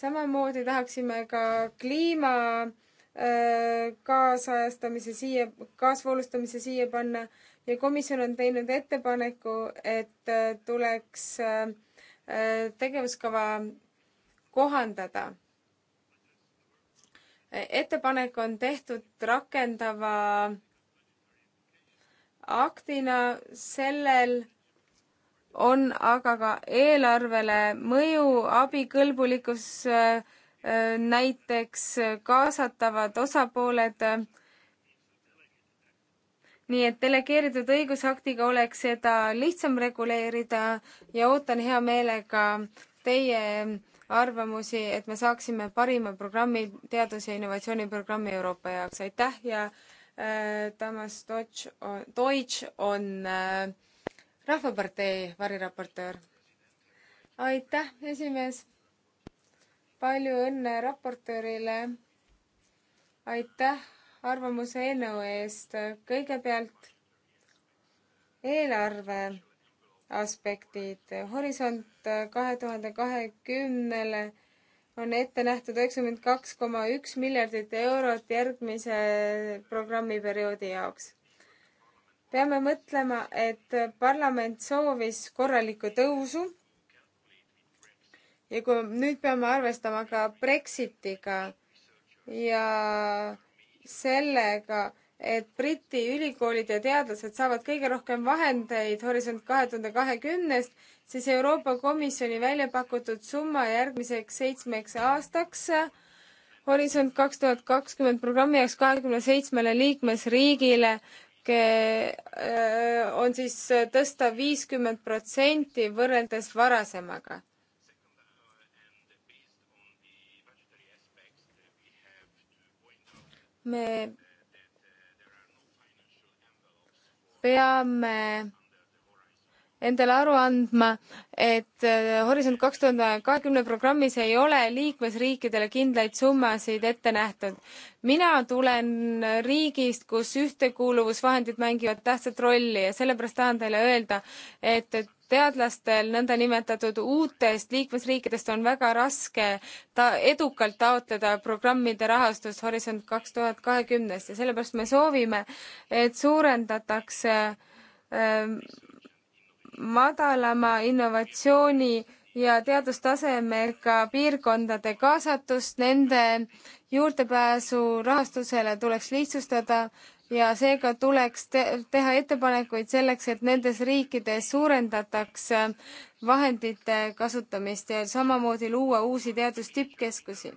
samamoodi tahaksime ka kliima äh, kaasajastamise siia, kaasvoolustamise siia panna ja komisjon on teinud ettepaneku, et äh, tuleks äh, tegevuskava kohandada ettepanek on tehtud rakendava aktina, sellel on aga ka eelarvele mõju, abikõlbulikkus, äh, näiteks kaasatavad osapooled. Äh, nii et delegeeritud õigusaktiga oleks seda lihtsam reguleerida ja ootan hea meelega teie arvamusi, et me saaksime parima programmi, teadus- ja innovatsiooniprogrammi Euroopa jaoks. aitäh ja äh, Tamas Deutsch on, Deutsch on äh, Rahvapartei variraportöör. aitäh, esimees. palju õnne raportöörile. aitäh arvamuse eelnõu eest. kõigepealt eelarve aspektid. Horisont kohta äh, kahe tuhande kahekümnele on ette nähtud üheksakümmend kaks koma üks miljardit eurot järgmise programmiperioodi jaoks. peame mõtlema, et parlament soovis korralikku tõusu. ja kui nüüd peame arvestama ka Brexitiga ja sellega, et Briti ülikoolid ja teadlased saavad kõige rohkem vahendeid Horisont kahe tuhande kahekümnest siis Euroopa Komisjoni välja pakutud summa järgmiseks seitsmeks aastaks Horisont kaks tuhat kakskümmend programmi jaoks kahekümne seitsmele liikmesriigile on siis tõsta viiskümmend protsenti võrreldes varasemaga. me peame endale aru andma, et äh, Horisont kaks tuhande kahekümne programmis ei ole liikmesriikidele kindlaid summasid ette nähtud. mina tulen riigist, kus ühtekuuluvusvahendid mängivad tähtsat rolli ja sellepärast tahan teile öelda, et, et teadlastel nõndanimetatud uutest liikmesriikidest on väga raske ta edukalt taotleda programmide rahastust Horisont kaks tuhat kahekümnest ja sellepärast me soovime, et suurendatakse äh, madalama innovatsiooni ja teadustasemega piirkondade kaasatust, nende juurdepääsu rahastusele tuleks lihtsustada ja seega tuleks te teha ettepanekuid selleks, et nendes riikides suurendataks vahendite kasutamist ja samamoodi luua uusi teadustippkeskusi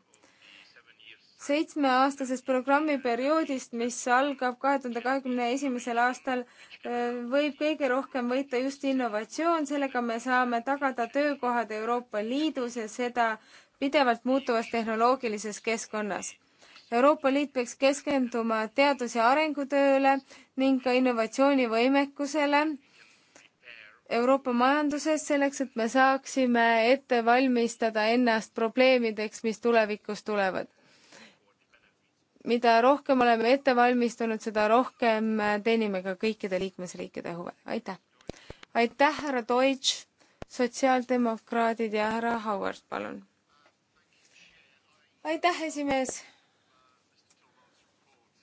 seitsmeaastasest programmiperioodist, mis algab kahe tuhande kahekümne esimesel aastal, võib kõige rohkem võita just innovatsioon, sellega me saame tagada töökohad Euroopa Liidus ja seda pidevalt muutuvas tehnoloogilises keskkonnas. Euroopa Liit peaks keskenduma teadus- ja arengutööle ning ka innovatsioonivõimekusele Euroopa majanduses selleks, et me saaksime ette valmistada ennast probleemideks, mis tulevikus tulevad mida rohkem oleme ette valmistunud, seda rohkem äh, teenime ka kõikide liikmesriikide huve. aitäh! aitäh, härra Deutsch, sotsiaaldemokraadid ja härra Howard, palun! aitäh, esimees!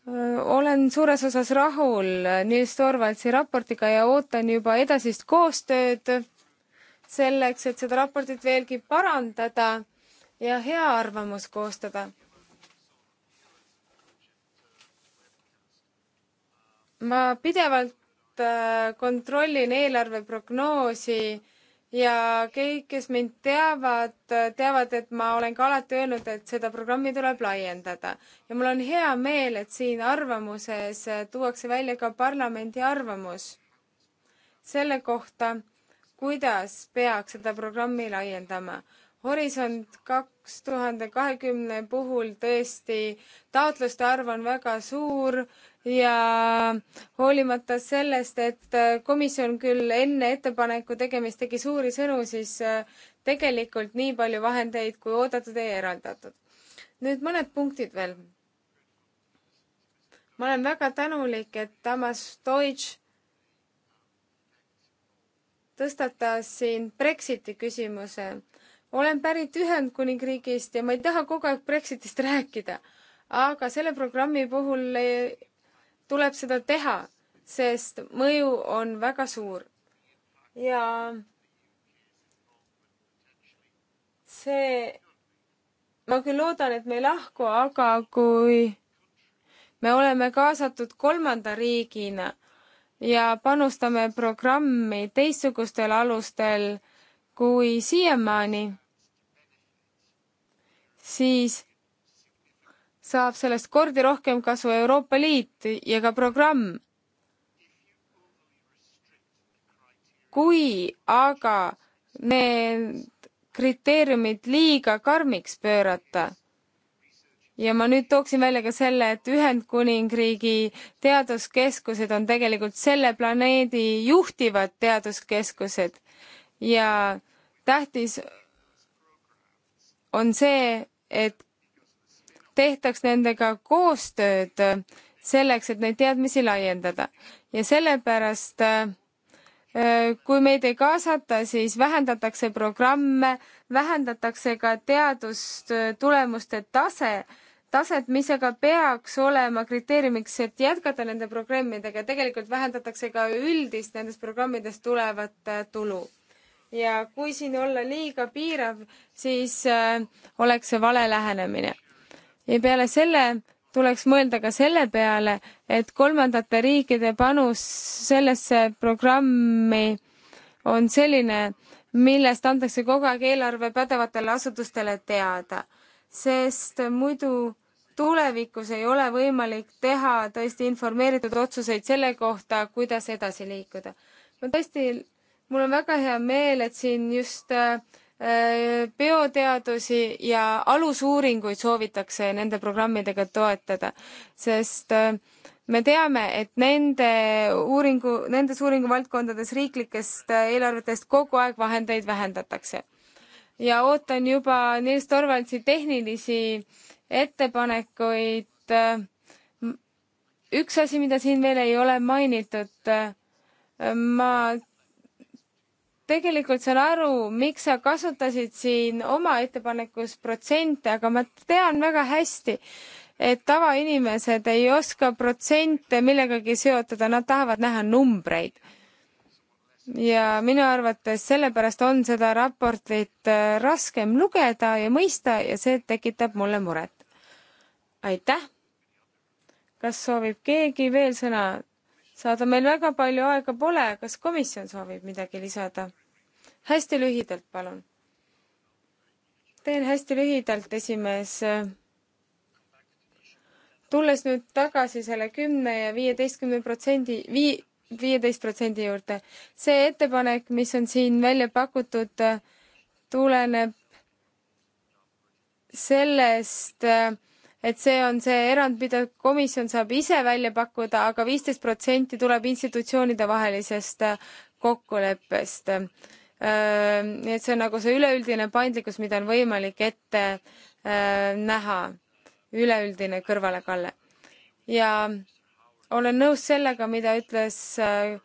Äh, olen suures osas rahul äh, Nils Torvaldsi raportiga ja ootan juba edasist koostööd selleks, et seda raportit veelgi parandada ja hea arvamus koostada ma pidevalt äh, kontrollin eelarveprognoosi ja kõik, kes mind teavad, äh, teavad, et ma olen ka alati öelnud, et seda programmi tuleb laiendada. ja mul on hea meel, et siin arvamuses äh, tuuakse välja ka parlamendi arvamus selle kohta, kuidas peaks seda programmi laiendama. Horisont kaks tuhande kahekümne puhul tõesti taotluste arv on väga suur ja hoolimata sellest, et äh, komisjon küll enne ettepaneku tegemist tegi suuri sõnu, siis äh, tegelikult nii palju vahendeid kui oodatud ei eraldatud. nüüd mõned punktid veel. ma olen väga tänulik, et Tamas Deutsch tõstatas siin Brexiti küsimuse. olen pärit Ühendkuningriigist ja ma ei taha kogu aeg Brexitist rääkida, aga selle programmi puhul ei tuleb seda teha, sest mõju on väga suur. ja see, ma küll loodan, et me ei lahku, aga kui me oleme kaasatud kolmanda riigina ja panustame programmi teistsugustel alustel kui siiamaani, siis saab sellest kordi rohkem kasu Euroopa Liit ja ka programm. kui aga need kriteeriumid liiga karmiks pöörata ja ma nüüd tooksin välja ka selle, et Ühendkuningriigi teaduskeskused on tegelikult selle planeedi juhtivad teaduskeskused ja tähtis on see, et tehtaks nendega koostööd äh, selleks, et neid teadmisi laiendada ja sellepärast äh, äh, kui meid ei kaasata, siis vähendatakse programme, vähendatakse ka teadustulemuste tase, taset, mis aga peaks olema kriteeriumiks, et jätkata nende programmidega, tegelikult vähendatakse ka üldist nendest programmidest tulevat tulu. ja kui siin olla liiga piirav, siis oleks see vale lähenemine ja peale selle tuleks mõelda ka selle peale, et kolmandate riikide panus sellesse programmi on selline, millest antakse kogu aeg eelarve pädevatele asutustele teada, sest muidu tulevikus ei ole võimalik teha tõesti informeeritud otsuseid selle kohta, kuidas edasi liikuda. ma tõesti, mul on väga hea meel, et siin just äh, Äh, bioteadusi ja alusuuringuid soovitakse nende programmidega toetada, sest äh, me teame, et nende uuringu, nendes uuringuvaldkondades riiklikest äh, eelarvetest kogu aeg vahendeid vähendatakse. ja ootan juba Nils Torvaldsi tehnilisi ettepanekuid. üks asi, mida siin veel ei ole mainitud, ma tegelikult saan aru, miks sa kasutasid siin oma ettepanekus protsente, aga ma tean väga hästi, et tavainimesed ei oska protsente millegagi seotada, nad tahavad näha numbreid. ja minu arvates sellepärast on seda raportit äh, raskem lugeda ja mõista ja see tekitab mulle muret. aitäh! kas soovib keegi veel sõna saada, meil väga palju aega pole, kas komisjon soovib midagi lisada? hästi lühidalt, palun. teen hästi lühidalt, esimees. tulles nüüd tagasi selle kümne ja viieteistkümne protsendi, vii-, viieteist protsendi juurde. see ettepanek, mis on siin välja pakutud, tuleneb sellest, et see on see erand, mida komisjon saab ise välja pakkuda aga, aga viisteist protsenti tuleb institutsioonide vahelisest kokkuleppest. Äh, nii et see on nagu see üleüldine paindlikkus, mida on võimalik ette äh, näha, üleüldine kõrvalekalle. ja olen nõus sellega, mida ütles äh,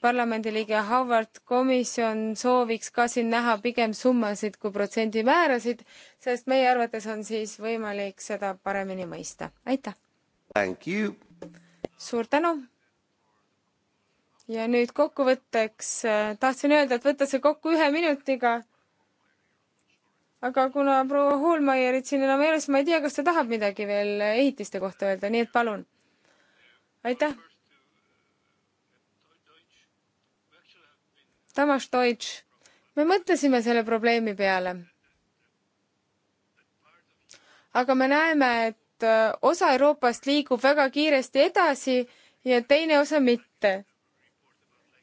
parlamendiliige Howard, komisjon sooviks ka siin näha pigem summasid kui protsendimäärasid, sest meie arvates on siis võimalik seda paremini mõista. aitäh! suur tänu! ja nüüd kokkuvõtteks äh, tahtsin öelda, et võtta see kokku ühe minutiga. aga kuna proua Hoolmeierit siin enam ei ole, siis ma ei tea, kas ta tahab midagi veel äh, ehitiste kohta öelda, nii et palun. aitäh. Tamas Deutsch, me mõtlesime selle probleemi peale. aga me näeme, et äh, osa Euroopast liigub väga kiiresti edasi ja teine osa mitte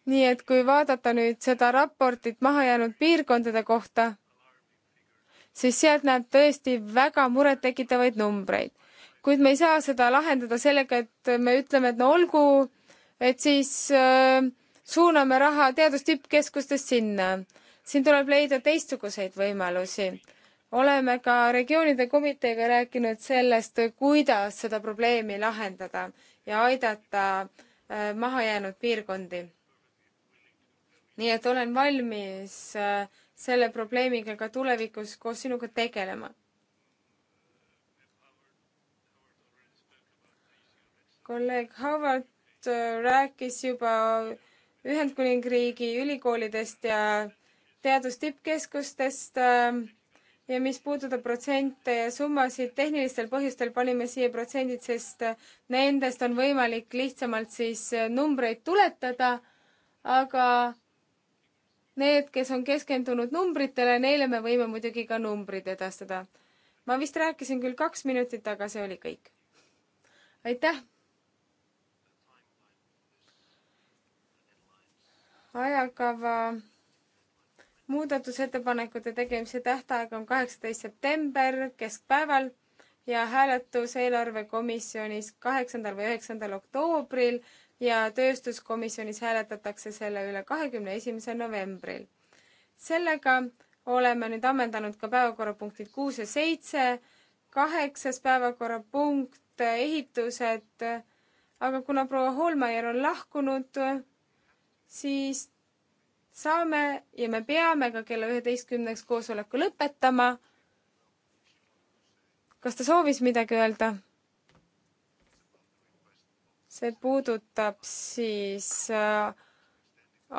nii et kui vaadata nüüd seda raportit mahajäänud piirkondade kohta, siis sealt näeb tõesti väga murettekitavaid numbreid. kuid me ei saa seda lahendada sellega, et me ütleme, et no olgu, et siis äh, suuname raha teadustippkeskustest sinna. siin tuleb leida teistsuguseid võimalusi. oleme ka regioonide komiteega rääkinud sellest, kuidas seda probleemi lahendada ja aidata äh, mahajäänud piirkondi nii et olen valmis äh, selle probleemiga ka tulevikus koos sinuga tegelema. kolleeg Howard äh, rääkis juba Ühendkuningriigi ülikoolidest ja teadustippkeskustest äh, ja mis puudutab protsente ja summasid, tehnilistel põhjustel panime siia protsendid, sest nendest on võimalik lihtsamalt siis numbreid tuletada, aga Need, kes on keskendunud numbritele, neile me võime muidugi ka numbrid edastada. ma vist rääkisin küll kaks minutit, aga see oli kõik. aitäh! ajakava muudatusettepanekute tegemise tähtaeg on kaheksateist september keskpäeval ja hääletus eelarvekomisjonis kaheksandal või üheksandal oktoobril ja tööstuskomisjonis hääletatakse selle üle kahekümne esimesel novembril. sellega oleme nüüd ammendanud ka päevakorrapunktid kuus ja seitse, kaheksas päevakorrapunkt, ehitused, aga kuna proua Holmeier on lahkunud, siis saame ja me peame ka kella üheteistkümneks koosoleku lõpetama. kas ta soovis midagi öelda? see puudutab siis äh,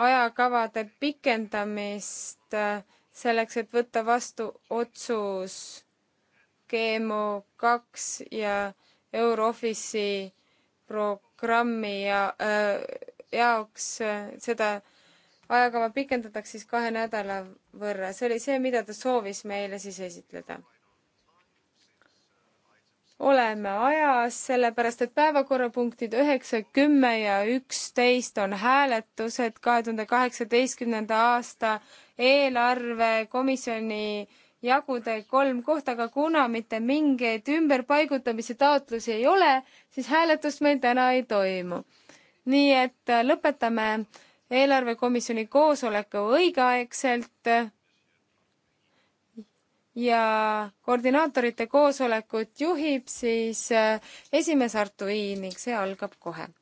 ajakavade pikendamist äh, selleks, et võtta vastu otsus GMO kaks ja Eurofisi programmi ja äh, jaoks äh, seda ajakava pikendatakse siis kahe nädala võrra. see oli see, mida ta soovis meile siis esitleda oleme ajas, sellepärast et päevakorrapunktid üheksa, kümme ja üksteist on hääletused kahe tuhande kaheksateistkümnenda aasta eelarve komisjoni jagude kolm kohta, aga kuna mitte mingeid ümberpaigutamise taotlusi ei ole, siis hääletust meil täna ei toimu. nii et lõpetame eelarvekomisjoni koosoleku õigeaegselt ja koordinaatorite koosolekut juhib siis äh, esimees Artur Ii ning see algab kohe